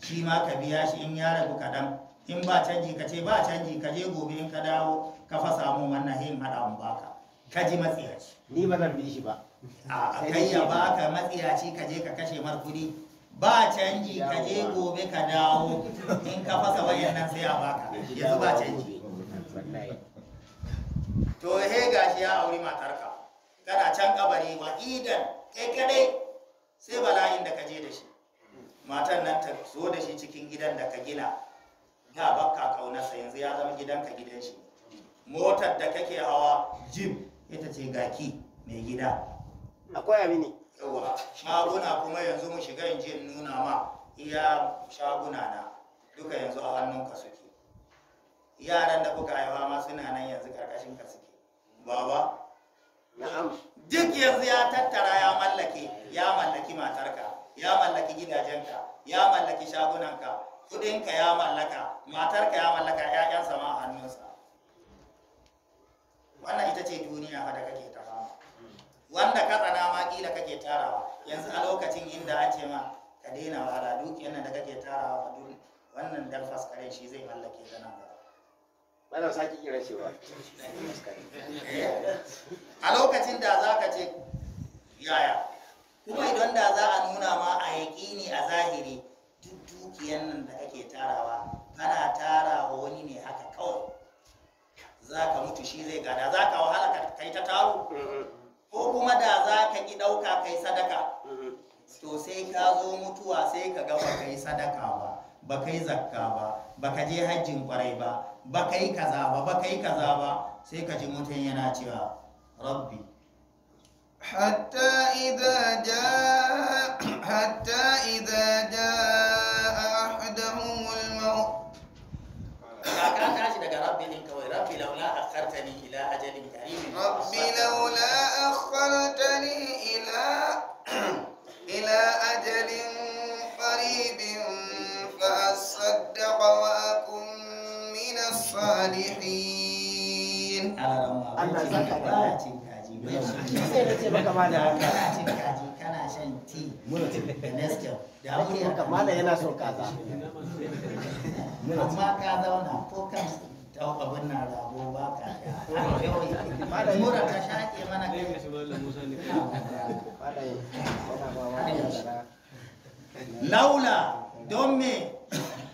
shi ma ka biya shi in ya ragu kaɗan in ba canji ka ce ba canji ka je gobe in ka dawo ka fa samu wannan hin haɗa mu baka ka ji matsiyaci ni ba zan bi shi ba A'a, kai ya baka matsiyaci ka je ka kashe markudi. ba canji ka je gobe ka dawo in ka fasa wayan nan sai a baka yanzu ba canji to he gashi ya auri matarka kana can kabari wa idan kai kadai sai bala'in da ka je da shi matan nan ta zo da shi cikin gidan da ka gina ga bakka kaunarsa yanzu ya zama ka gidan shi motar da kake hawa jim ita ce gaki mai gida akwai mini yawa shaguna kuma yanzu mu shiga in je nuna ma iya shaguna na duka yanzu a hannunka suke yaran da kuka haifa ma suna nan yanzu karkashin ka suke baba na'am duk yanzu ya tattara ya mallake ya mallaki matarka ya mallaki gidajenka ya mallaki shagunanka kudinka ya mallaka matarka ya mallaka 'ya'yansa ma a hannunsa wannan ita ce duniya fa da kake wanda ka tsana ma kila kake tarawa yanzu a lokacin inda an ce ma ka daina wahala duk yanda da kake tarawa ka dole wannan darfas karen shi zai mallake ka nan gaba bana saki kira cewa a lokacin da za ka ce yaya kuma idan da za a nuna ma a yaƙini a zahiri duk dukiyan nan da kake tarawa kana tarawa wani ne haka kawai za ka mutu shi zai gada za ka wahala ka kai ta taro mm-hmm. ko kuma da za ka ki ɗauka kai sadaka to sai ka zo mutuwa sai ka gaba kai sadaka ba ba kai zakka ba ba ka je hajjin kwarai ba ba kai kaza ba ba kai kaza ba sai ka ji mutum yana cewa rabbi حتى إذا جاء حتى إذا جاء أحدهم الموت. رب لولا أخرتني إلى أجل كريم رب لولا أخرتني إلى إلى أجل قريب فأصدق وأكن من الصالحين na amma ka zauna ko kan ka da mura laula don me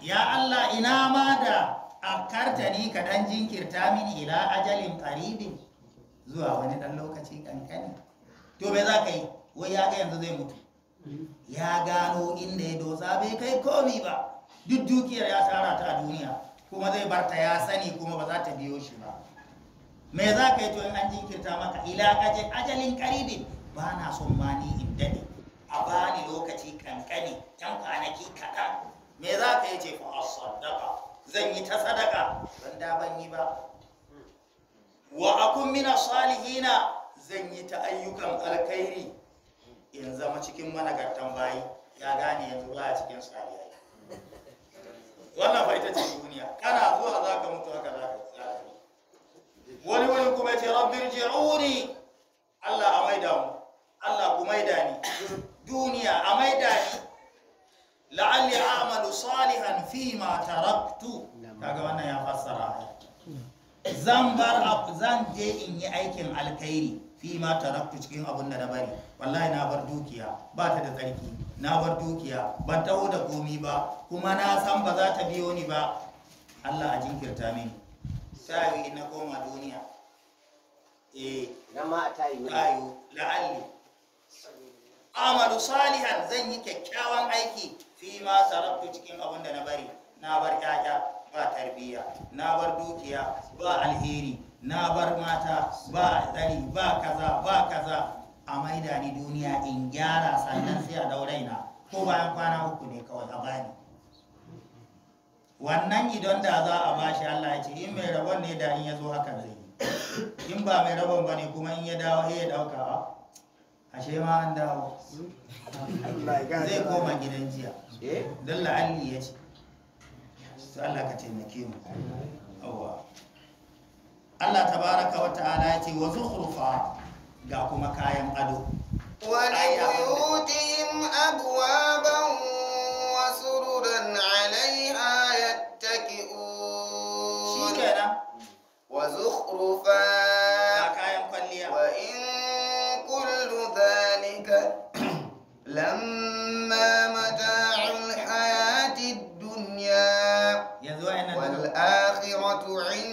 ya Allah ina ma da akarta ni ka jinkirta mini ila ajalin qaribin zuwa wani dan lokaci kankani to me za ka yi wai ya ga yanzu zai mutu ya gano inda ya dosa bai kai komi ba duk dukiyar ya tara ta a duniya kuma zai barta ya sani kuma ba za ta biyo shi ba me za ka yi to an jinkirta maka ila kaje ajalin karibin ba na son ma ni in dade a bani lokaci kankani yan kwanaki kaɗan me za ka yi ce fa asadaka zan yi ta sadaka ban da ban yi ba wa akun mina salihina zan yi ta ayyukan alkhairi in zama cikin managartan bayi ya gane yanzu ba a cikin salihai wannan fa ita ce duniya kana zuwa za ka mutu haka za ka tsaya wani wani kuma ya ce rabbir ji'uni Allah a maida mu Allah ku maida ni duniya a maida ni la'alli a'malu salihan fi ma taraktu kaga wannan ya fassara zan bar abu. zan je in yi aikin alkhairi fi ma taraktu cikin abun da na bari wallahi na bar dukiya ba ta da tsarki na bar dukiya ban taho da komi ba kuma na san ba za ta biyo ni ba Allah a jinkirta mini sai na koma duniya eh na ma ta yi ayo la'alli amalu salihan zan yi kyakkyawan aiki fi ma taraktu cikin abun da na bari na bar ƴaƴa ba tarbiyya na bar dukiya ba alheri na bar mata ba tsari ba kaza ba kaza a maida ni duniya in gyara sannan sai a dauraina ko bayan kwana uku ne kawai a bani wannan idan da za a bashi Allah ya ce in mai rabon ne da in ya zo haka zai yi in ba mai rabon ba ne kuma in ya dawo eh, ya dauka ba ashe ma an dawo zai koma gidan jiya eh? don la'alli ya ce su Allah ka taimake mu Allah tabaraka wa ta'ala ya ce wa zukhrufa ga kuma kayan ado wa liyutihim abwaban wa sururan 'alayha yattaki'un shikenan wa zukhrufa ga kayan kwalliya wa in kullu dhalika lamma mata'ul hayatid dunya yanzu wal akhiratu 'inda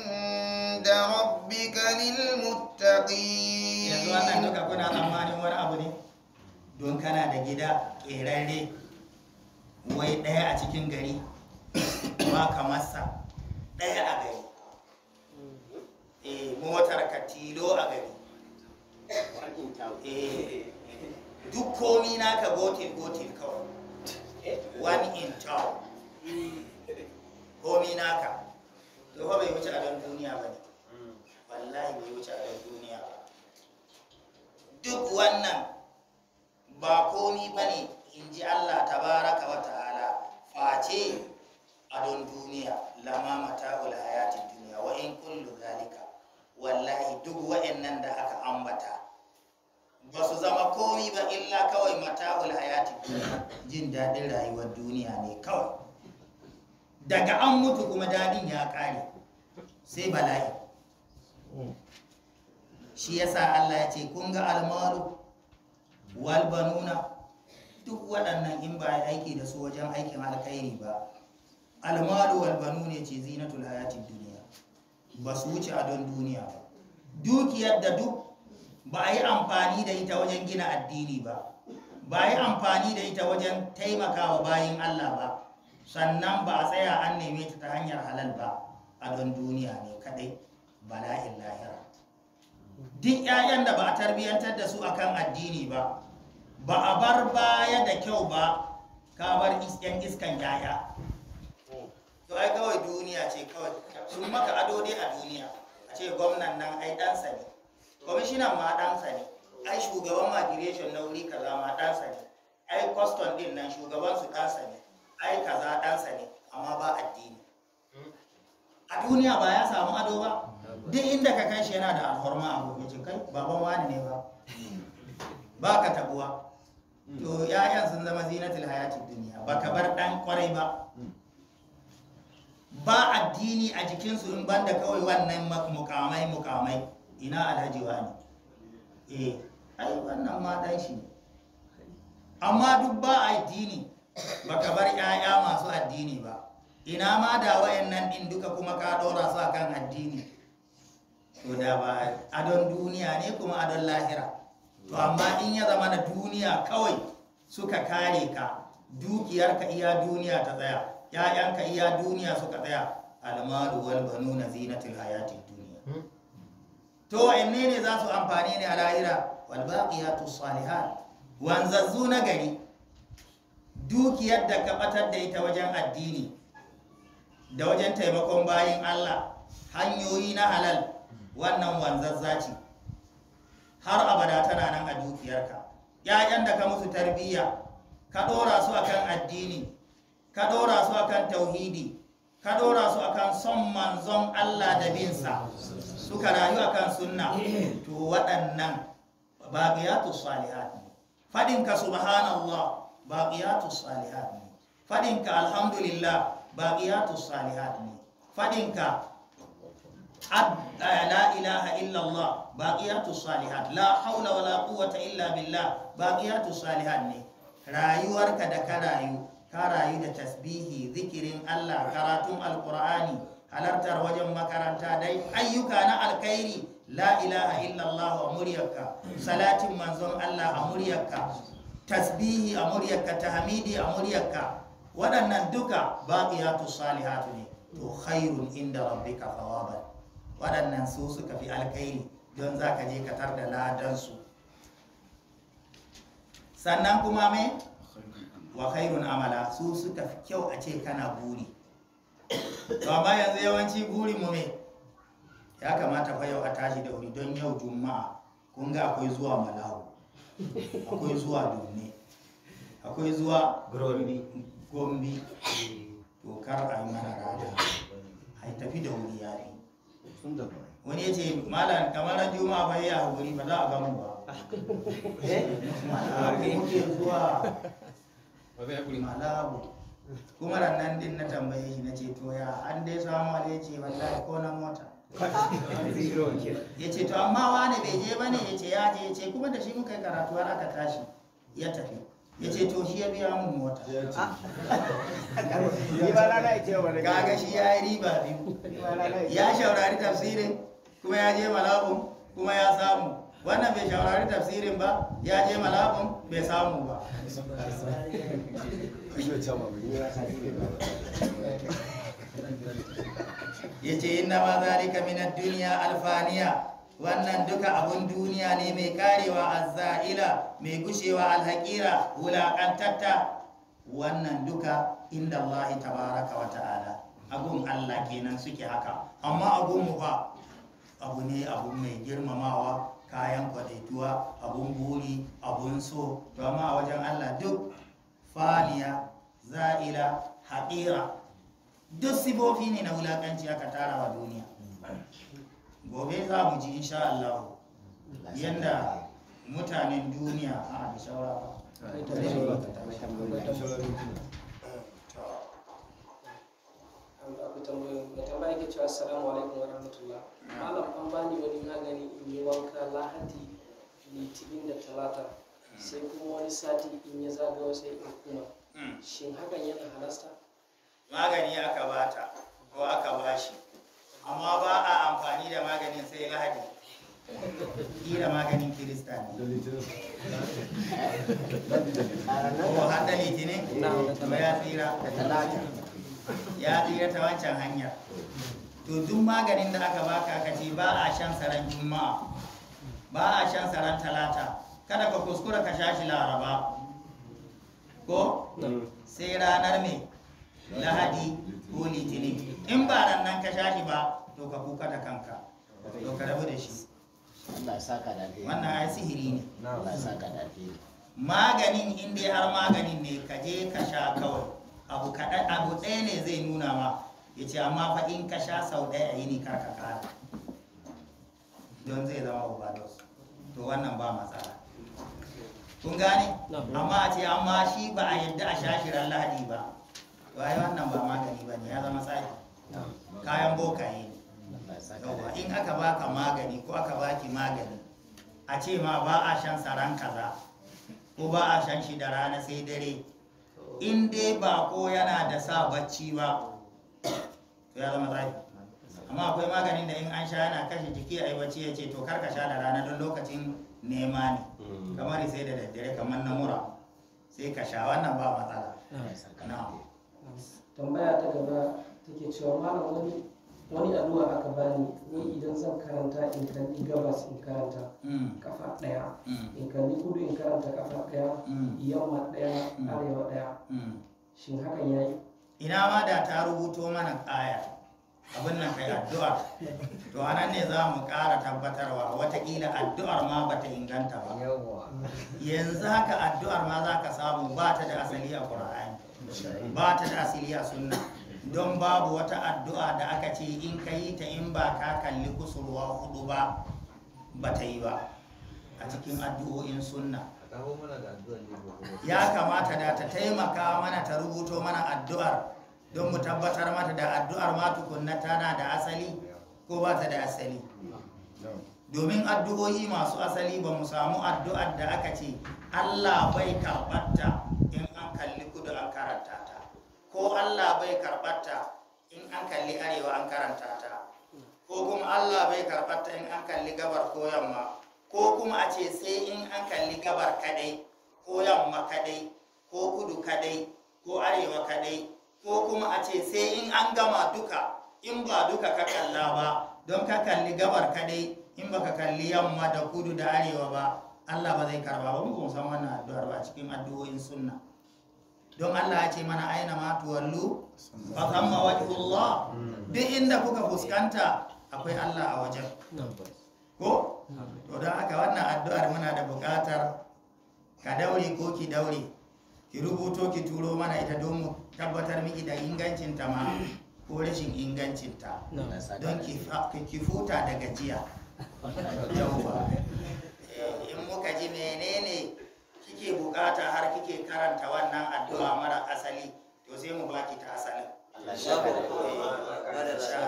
rabbika lil muttaqin yanzu wannan duka kuna tsammanin wani abu ne don kana da gida kerare wai daya a cikin gari ba kamar sa daya a gari eh motar ka tilo a gari eh, duk komi naka gotil gotil kawai one in town komi naka to fa bai wuce a duniya ba ne wallahi bai wuce a duniya duk wannan ba komi ba ne in ji Allah tabaraka wa ta'ala face a don duniya lama mata'ul hayatin duniya wa in kullu zalika wallahi duk wa'annan da aka ambata ba su zama komi ba illa kawai mata'ul hayatin duniya jin daɗin rayuwar duniya ne kawai daga an mutu kuma daɗin ya ƙare sai bala'i shi yasa Allah ya ce kun ga Almaru walba nuna duk waɗannan in ba ya aiki da su wajen aikin alkhairi ba walba nuna banuna ce zinatul hayatid duniya ba su wuce a don duniya ba dukiyar da duk ba a yi amfani da ita wajen gina addini ba ba a yi amfani da ita wajen taimakawa bayan Allah ba sannan ba a tsaya an neme ta ta hanyar halal ba a don duniya ne kadai bala'in lahira duk 'ya'yan da ba a tarbiyyantar da su akan addini ba ba a bar baya da kyau ba ka bar yan iskan 'ya'ya to ai kawai duniya ce kawai sun maka ado dai a duniya a ce gwamnan nan ai ɗansa ne kwamishinan ma ɗansa ne ai shugaban migration na wuri kaza ma ɗansa ne ai kwaston ɗin nan shugaban su ɗansa ne ai kaza ɗansa ne amma ba addini a duniya ba ya samu ado ba duk inda ka kai shi yana da alhorma a gobe kai baban wani ne ba ba ka tabuwa to yayan sun zama zinatul hayatid duniya ba ka bar dan kwarai ba ba addini a jikinsu in banda kawai wannan mukamai mukamai ina alhaji wani eh ai wannan ma dan shi amma duk ba addini ba ka bar yaya masu addini ba ina ma da wayannan din duka kuma ka dora su akan addini to da ba adon duniya ne kuma adon lahira to amma in ya zama na duniya kawai suka kare ka dukiyarka iya duniya ta tsaya ‘ya'yanka iya duniya suka tsaya almaru wal banu na zinatul hayati duniya hmm? to wa'anne ne za su amfani ne a lahira wal baqiyatu salihan wanzazzu na gari dukiyar da ka batar da ita wajen addini da wajen taimakon bayin Allah hanyoyi na halal wannan wanzan zaci har abada tana nan a dukiyarka ‘ya'yan da ka musu tarbiyya ka ɗora su akan addini ka ɗora su akan tauhidi ka ɗora su akan son manzon Allah da binsa suka rayu akan sunna to waɗannan baqiyatus salihat ne faɗinka subhanallah baqiyatus salihat ne faɗinka alhamdulillah baqiyatus salihat ne faɗinka لا إله إلا الله باقيات الصالحات لا حول ولا قوة إلا بالله باقيات الصالحات ne rayuwarka da ka rayu ka rayu da tasbihi zikirin Allah karatun alqur'ani halartar wajen makaranta dai ayyuka na alkhairi la ilaha illallah a muryarka salatin manzon Allah a muryarka tasbihi a muryarka tahmidi a muryarka waɗannan duka baqiyatu salihatu ne to khairun inda rabbika thawaban waɗannan su suka fi alkairi don za ka je ka tar da ladansu sannan kuma mai wa khairun amala su suka fi kyau a ce kana buri ba ba yanzu yawanci burin mu ne ya kamata fa yau a tashi da wuri don yau juma'a kun ga akwai zuwa malawu akwai zuwa dome akwai zuwa gombi to a yi mana rada a tafi da wuri yari wani ya ce malam kamar na juma'a bai ya haguri ba za a gamu ba eh? kuma rannan din na tambaye shi na ce to ya an dai samu da ya ce wallahi ko mota ya ce to amma wani bai je ba ne ya ce ya ce ya ce kuma da shi muka yi karatuwar aka tashi ya tafi Yace ce to shi ya biya mun mota kaga ah. shi ya yi riba biyu ya shaurari tafsirin kuma ya je malabun kuma ya samu wannan bai shaurari tafsirin ba ya je malabun bai samu ba ya ce inna ma zalika minad duniya alfaniya wannan duka abun duniya ne mai karewa azza'ila mai gushewa alhaƙira wulaƙantatta wannan duka inda Allah tabaraka wa ta'ala abun Allah kenan suke haka amma abun mu ba abu ne abun mai girmamawa kayan kwadaituwa abun buri abun so a wajen Allah duk faniya za'ila haƙira duk sibofi ne na wulaƙanci aka tara wa duniya gobe za mu ji insha Allah yanda mutanen duniya a da shaura tambaya malam an bani wani magani in yi wanka lahadi litinin da talata sai kuma wani sati in ya zagayo sai in kuma shin hakan yana halasta magani aka bata ko aka bashi amma ba a amfani da maganin sai lahadi da maganin kirista ne ko hada litinin kuma ya tsira da talata ya tsira ta wancan hanyar to duk maganin da aka baka ka ce ba a shan saran juma'a ba a shan saran talata kada ka kuskura ka shashi laraba ko mm. sai ranar mai lahadi ko litinin in ba ran nan ka shashi ba to ka kuka da kanka to ka rabu da shi Allah ya saka da alheri wannan ai sihiri ne Allah ya saka da alheri maganin in dai har maganin ne ka je ka sha kawai abu kaɗan abu ɗaya ne zai nuna ma ya ce amma fa in ka sha sau ɗaya a ni kar ka kara don zai zama overdose to wannan ba matsala kun gane amma a ce amma shi ba a yadda a sha lahadi ba Waye wannan ba magani ba ne ya zama tsari kayan bokaye yawa in aka baka magani ko aka baki magani a ce ma ba a shan saran kaza ko ba a shan shi da rana sai dare in dai ba yana da sa bacci ba to ya zama tsari amma akwai maganin da in an sha yana kashe jiki a yi bacci ya ce to kar ka sha da rana don lokacin nema ne hmm. kamar sai da daddare kamar na mura sai ka sha wannan ba matsala na'am tambaya ta gaba take cewa malam wani wani addu'a aka bani ni idan zan karanta in kalli gabas in karanta mm. kafa daya mm. in kalli kudu in karanta kafa daya mm. yamma daya arewa daya shin hakan yayi ina ma da ta rubuto mana kaya abin nan kai addu'a to anan ne za mu ƙara tabbatarwa watakila addu'ar ma ba ta inganta ba yanzu haka addu'ar ma za ka samu ba ta da asali a ƙur'ani ba ta da asili a sunna don babu wata addu'a da aka ce in ka yi ta in ba ka kalli kusurwa hudu ba ba ta yi ba a cikin addu'o'in sunna ya kamata da ta taimaka mana ta rubuto mana addu'ar don mu tabbatar mata da addu'ar ma tukunna tana da asali ko ba ta da asali domin addu'o'i masu asali ba mu samu addu'ar da aka ce Allah bai karɓarta kudu an karanta ta ko allah bai karbata in an kalli arewa an karanta ta ko kuma allah bai karbata in an kalli gabar ko yamma ko kuma a ce sai in an kalli gabar kadai ko yamma kadai ko kudu kadai ko arewa kadai ko kuma a ce sai in an gama duka in ba duka ka kalla ba don ka kalli gabar kadai in ba ka kalli yamma da kudu da arewa ba Allah ba zai karba ba mu kuma san wannan addu'ar ba cikin addu'o'in sunna don Allah ya ce mana aina ma tuwallu fa thamma wajhullah duk inda kuka fuskanta akwai Allah a wajen ko to don haka wannan addu'ar muna da buƙatar ka daure ko ki daure ki rubuto ki turo mana ita don mu tabbatar miki da ingancin ta ma ko rashin ingancin ta don ki futa da gajiya yauwa eh, in muka ji menene kike bukata har kike karanta wannan addu'a mara asali to sai mu baki ta asalin eh,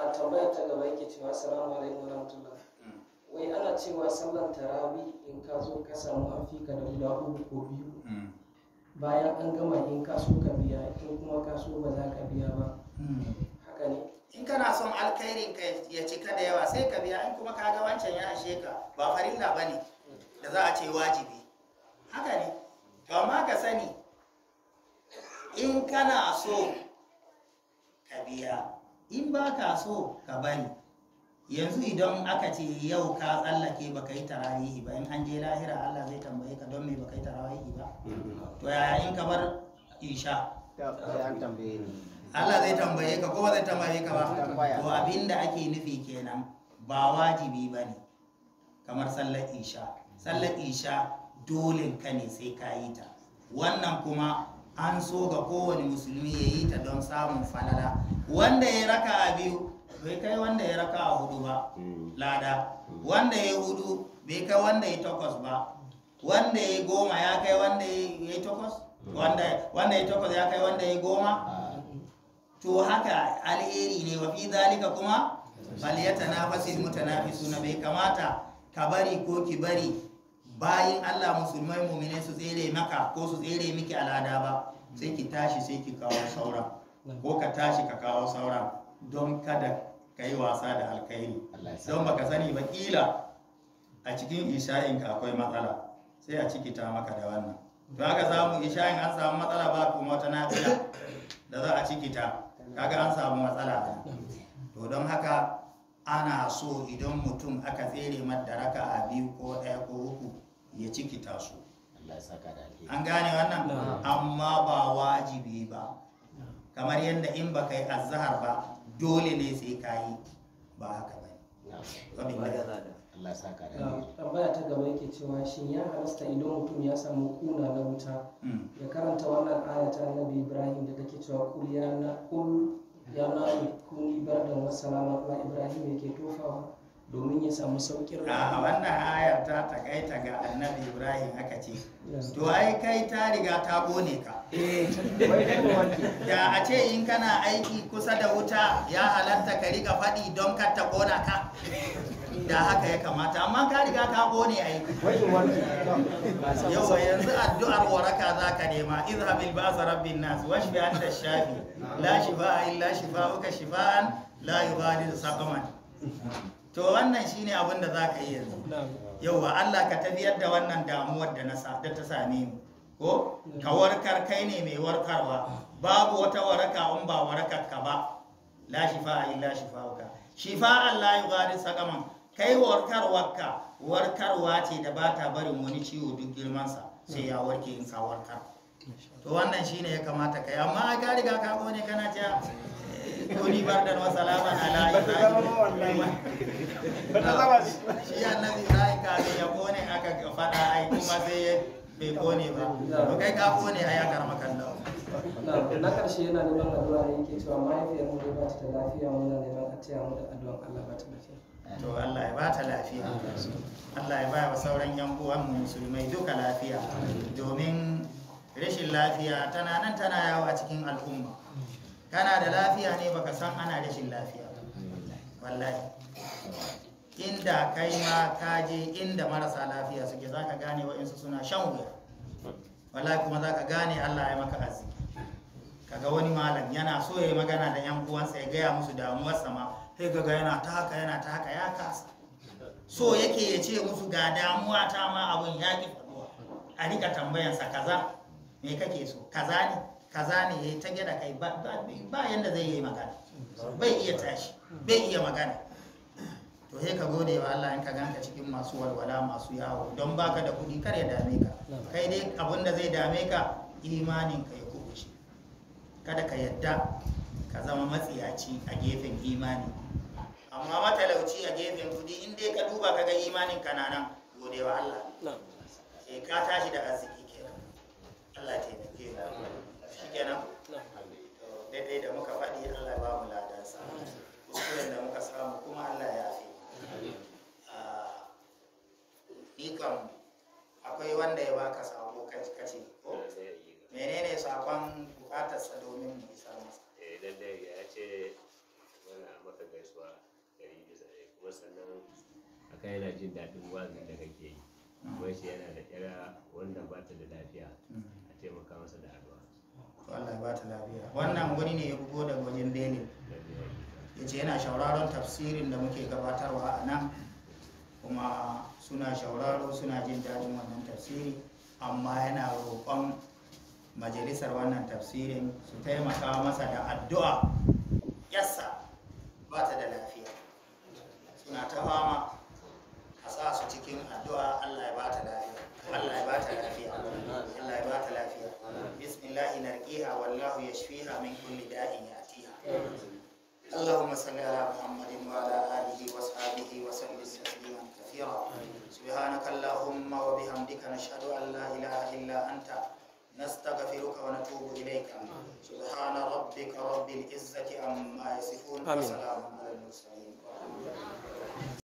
a tambayar ta gaba yake cewa salamu alaikum warahmatullah wai ana cewa sallan tarawi in ka zo ka samu afika da guda uku ko biyu hmm. bayan an gama in ka so ka biya in kuma ka so ba za ka biya ba hmm. haka ne in kana son alkhairin ka ya cika da yawa sai ka biya in kuma ka ga wancan ya ashe ka ba farilla bane da za a ce wajibi haka ne to amma ka sani in kana so ka biya in ba ka so ka bari yanzu idan aka ce yau ka tsallake ba ka yi tarawihi ba in an je lahira Allah zai tambaye ka don me ba ka yi tarawihi ba to yaya in ka bar isha Allah zai tambaye ka ko ba zai tambaye ka ba to abinda ake nufi kenan ba wajibi ba ne kamar sallar isha sallar isha dolin ka ne sai ka yi ta wannan kuma an so ga kowane musulmi ya yi ta don samun falala wanda ya raka a biyu bai kai wanda ya raka a hudu ba lada wanda ya hudu bai kai wanda ya takwas ba wanda ya goma ya kai wanda ya takwas wanda ya takwas ya kai wanda ya goma to haka alheri ne wa fi zalika kuma bal yatanafasil mutanafisu na bai kamata ka bari ko ki bari bayin Allah musulmai muminai su tsere maka ko su tsere miki al'ada ba sai ki tashi sai ki kawo saura. ko ka tashi ka kawo saura don kada ka yi wasa da alkairi don baka sani ba kila a cikin isha'in ka akwai matsala sai a ciki ta maka da wannan to haka samu isha'in an samu matsala ba kuma wata nafila da za a ciki ta kaga an samu matsala to don haka ana so idan mutum aka tsere madaraka a biyu ko ɗaya ko uku ya ciki taso an gane wannan amma ba wajibi ba kamar yadda in ba kai azahar ba dole ne sai kayi yi ba haka ba tambaya ta gaba yake cewa shin ya halasta idan mutum ya samu kuna na wuta hmm. ya karanta wannan aya na annabi ibrahim da take cewa kul ya na kul ya na kuni bardan wasalama ibrahim yake tofawa domin ya samu saukin a wannan ayar ta takaita ga annabi ibrahim aka ce to ai kai ta riga ta gone ka eh, da a ce in kana aiki kusa da wuta ya halatta ka riga faɗi don ka ta gona ka da haka ya kamata amma ka riga ka bone aiki Yau, yanzu addu'ar waraka za ka nema izhabil ba'sa rabbin nas washfi da shafi la shifa illa shifa'uka shifa'an la da saqaman to wannan shine abin da za ka yi yanzu yauwa Allah ka tafiyar da wannan damuwar da na ta same mu ko ka warkar kai ne mai warkarwa babu wata waraka in ba warakar ka ba la shifa illa shifauka shifa Allah gani saqaman kai warkarwarka warkarwa ce da ba ta barin wani ciwo duk girmansa sai ya warke in ka warkar to wannan shine ya kamata kai amma ka riga ka gone kana cewa kuni bardan wa salaman ala ibrahim bata zama shi annabi ibrahim ka ya kone aka faɗa ai kuma sai bai kone ba to kai ka kone ai aka rama na karshe yana neman addu'a ne yake cewa mahaifiyar mu ba ta lafiya muna neman a taya mu da addu'an Allah ba ta lafiya to Allah ya ta lafiya Allah ya ba wa sauran yan uwan mu musulmai duka lafiya domin rashin lafiya tana nan tana yawo a cikin al'umma kana da lafiya ne baka san ana rashin lafiya wallahi inda kai ma ka je inda marasa lafiya suke za ka gane waɗansu suna shan wuya wallahi kuma za ka gane allah ya maka azi kaga wani malam yana so ya yi magana da yan uwansa ya gaya musu damuwar sama, sai kaga yana ta haka yana ta haka ya kasa so yake ya ce musu ga damuwa ta ma abun ya ki faduwa a rika tambayansa kaza me kake so kaza ne kaza ne ya yi ta gida kai ba yadda zai yi magana bai iya tashi bai iya magana to sai ka gode wa Allah in ka ganka cikin masu walwala masu yawo don baka da kuɗi kar ya dame ka kai dai abin da zai dame ka imanin ka ya kubuce kada ka yadda ka zama matsiyaci a gefen imani amma matalauci a gefen kuɗi in dai ka duba ka ga imanin ka na nan gode wa Allah sai eh, ka tashi da arziki kenan Allah taimake ka kenan daidai da muka faɗi allah ba mu ladansa kuskuren da muka samu kuma allah ya fi bikan ah, akwai wanda ya baka sako kace ko menene sakon bukatarsa domin mu isar masa eh maka gaisuwa gari bisa kuma aka yana jin daɗin wazin da kake yi kuma shi yana da ƙira wanda ba ta da lafiya a taimaka masa da addu'a Allah ya bata lafiya wannan wani ne ya bugo da wajen benin ya ce yana shauraron tafsirin da muke gabatarwa a nan kuma suna shauraro suna jin daɗin wannan tafsiri amma yana roƙon majalisar wannan tafsirin su taimaka masa da addu'a yassa ba ta da lafiya suna ta fama a sa su cikin addu'a Allah ya ba ta lafiya بالله نرقيها والله يشفيها من كل داء يأتيها اللهم صل على محمد وعلى آله وصحبه وسلم تسليما كثيرا سبحانك اللهم وبحمدك نشهد أن لا إله إلا أنت نستغفرك ونتوب إليك سبحان ربك رب العزة عما يصفون وسلام على المرسلين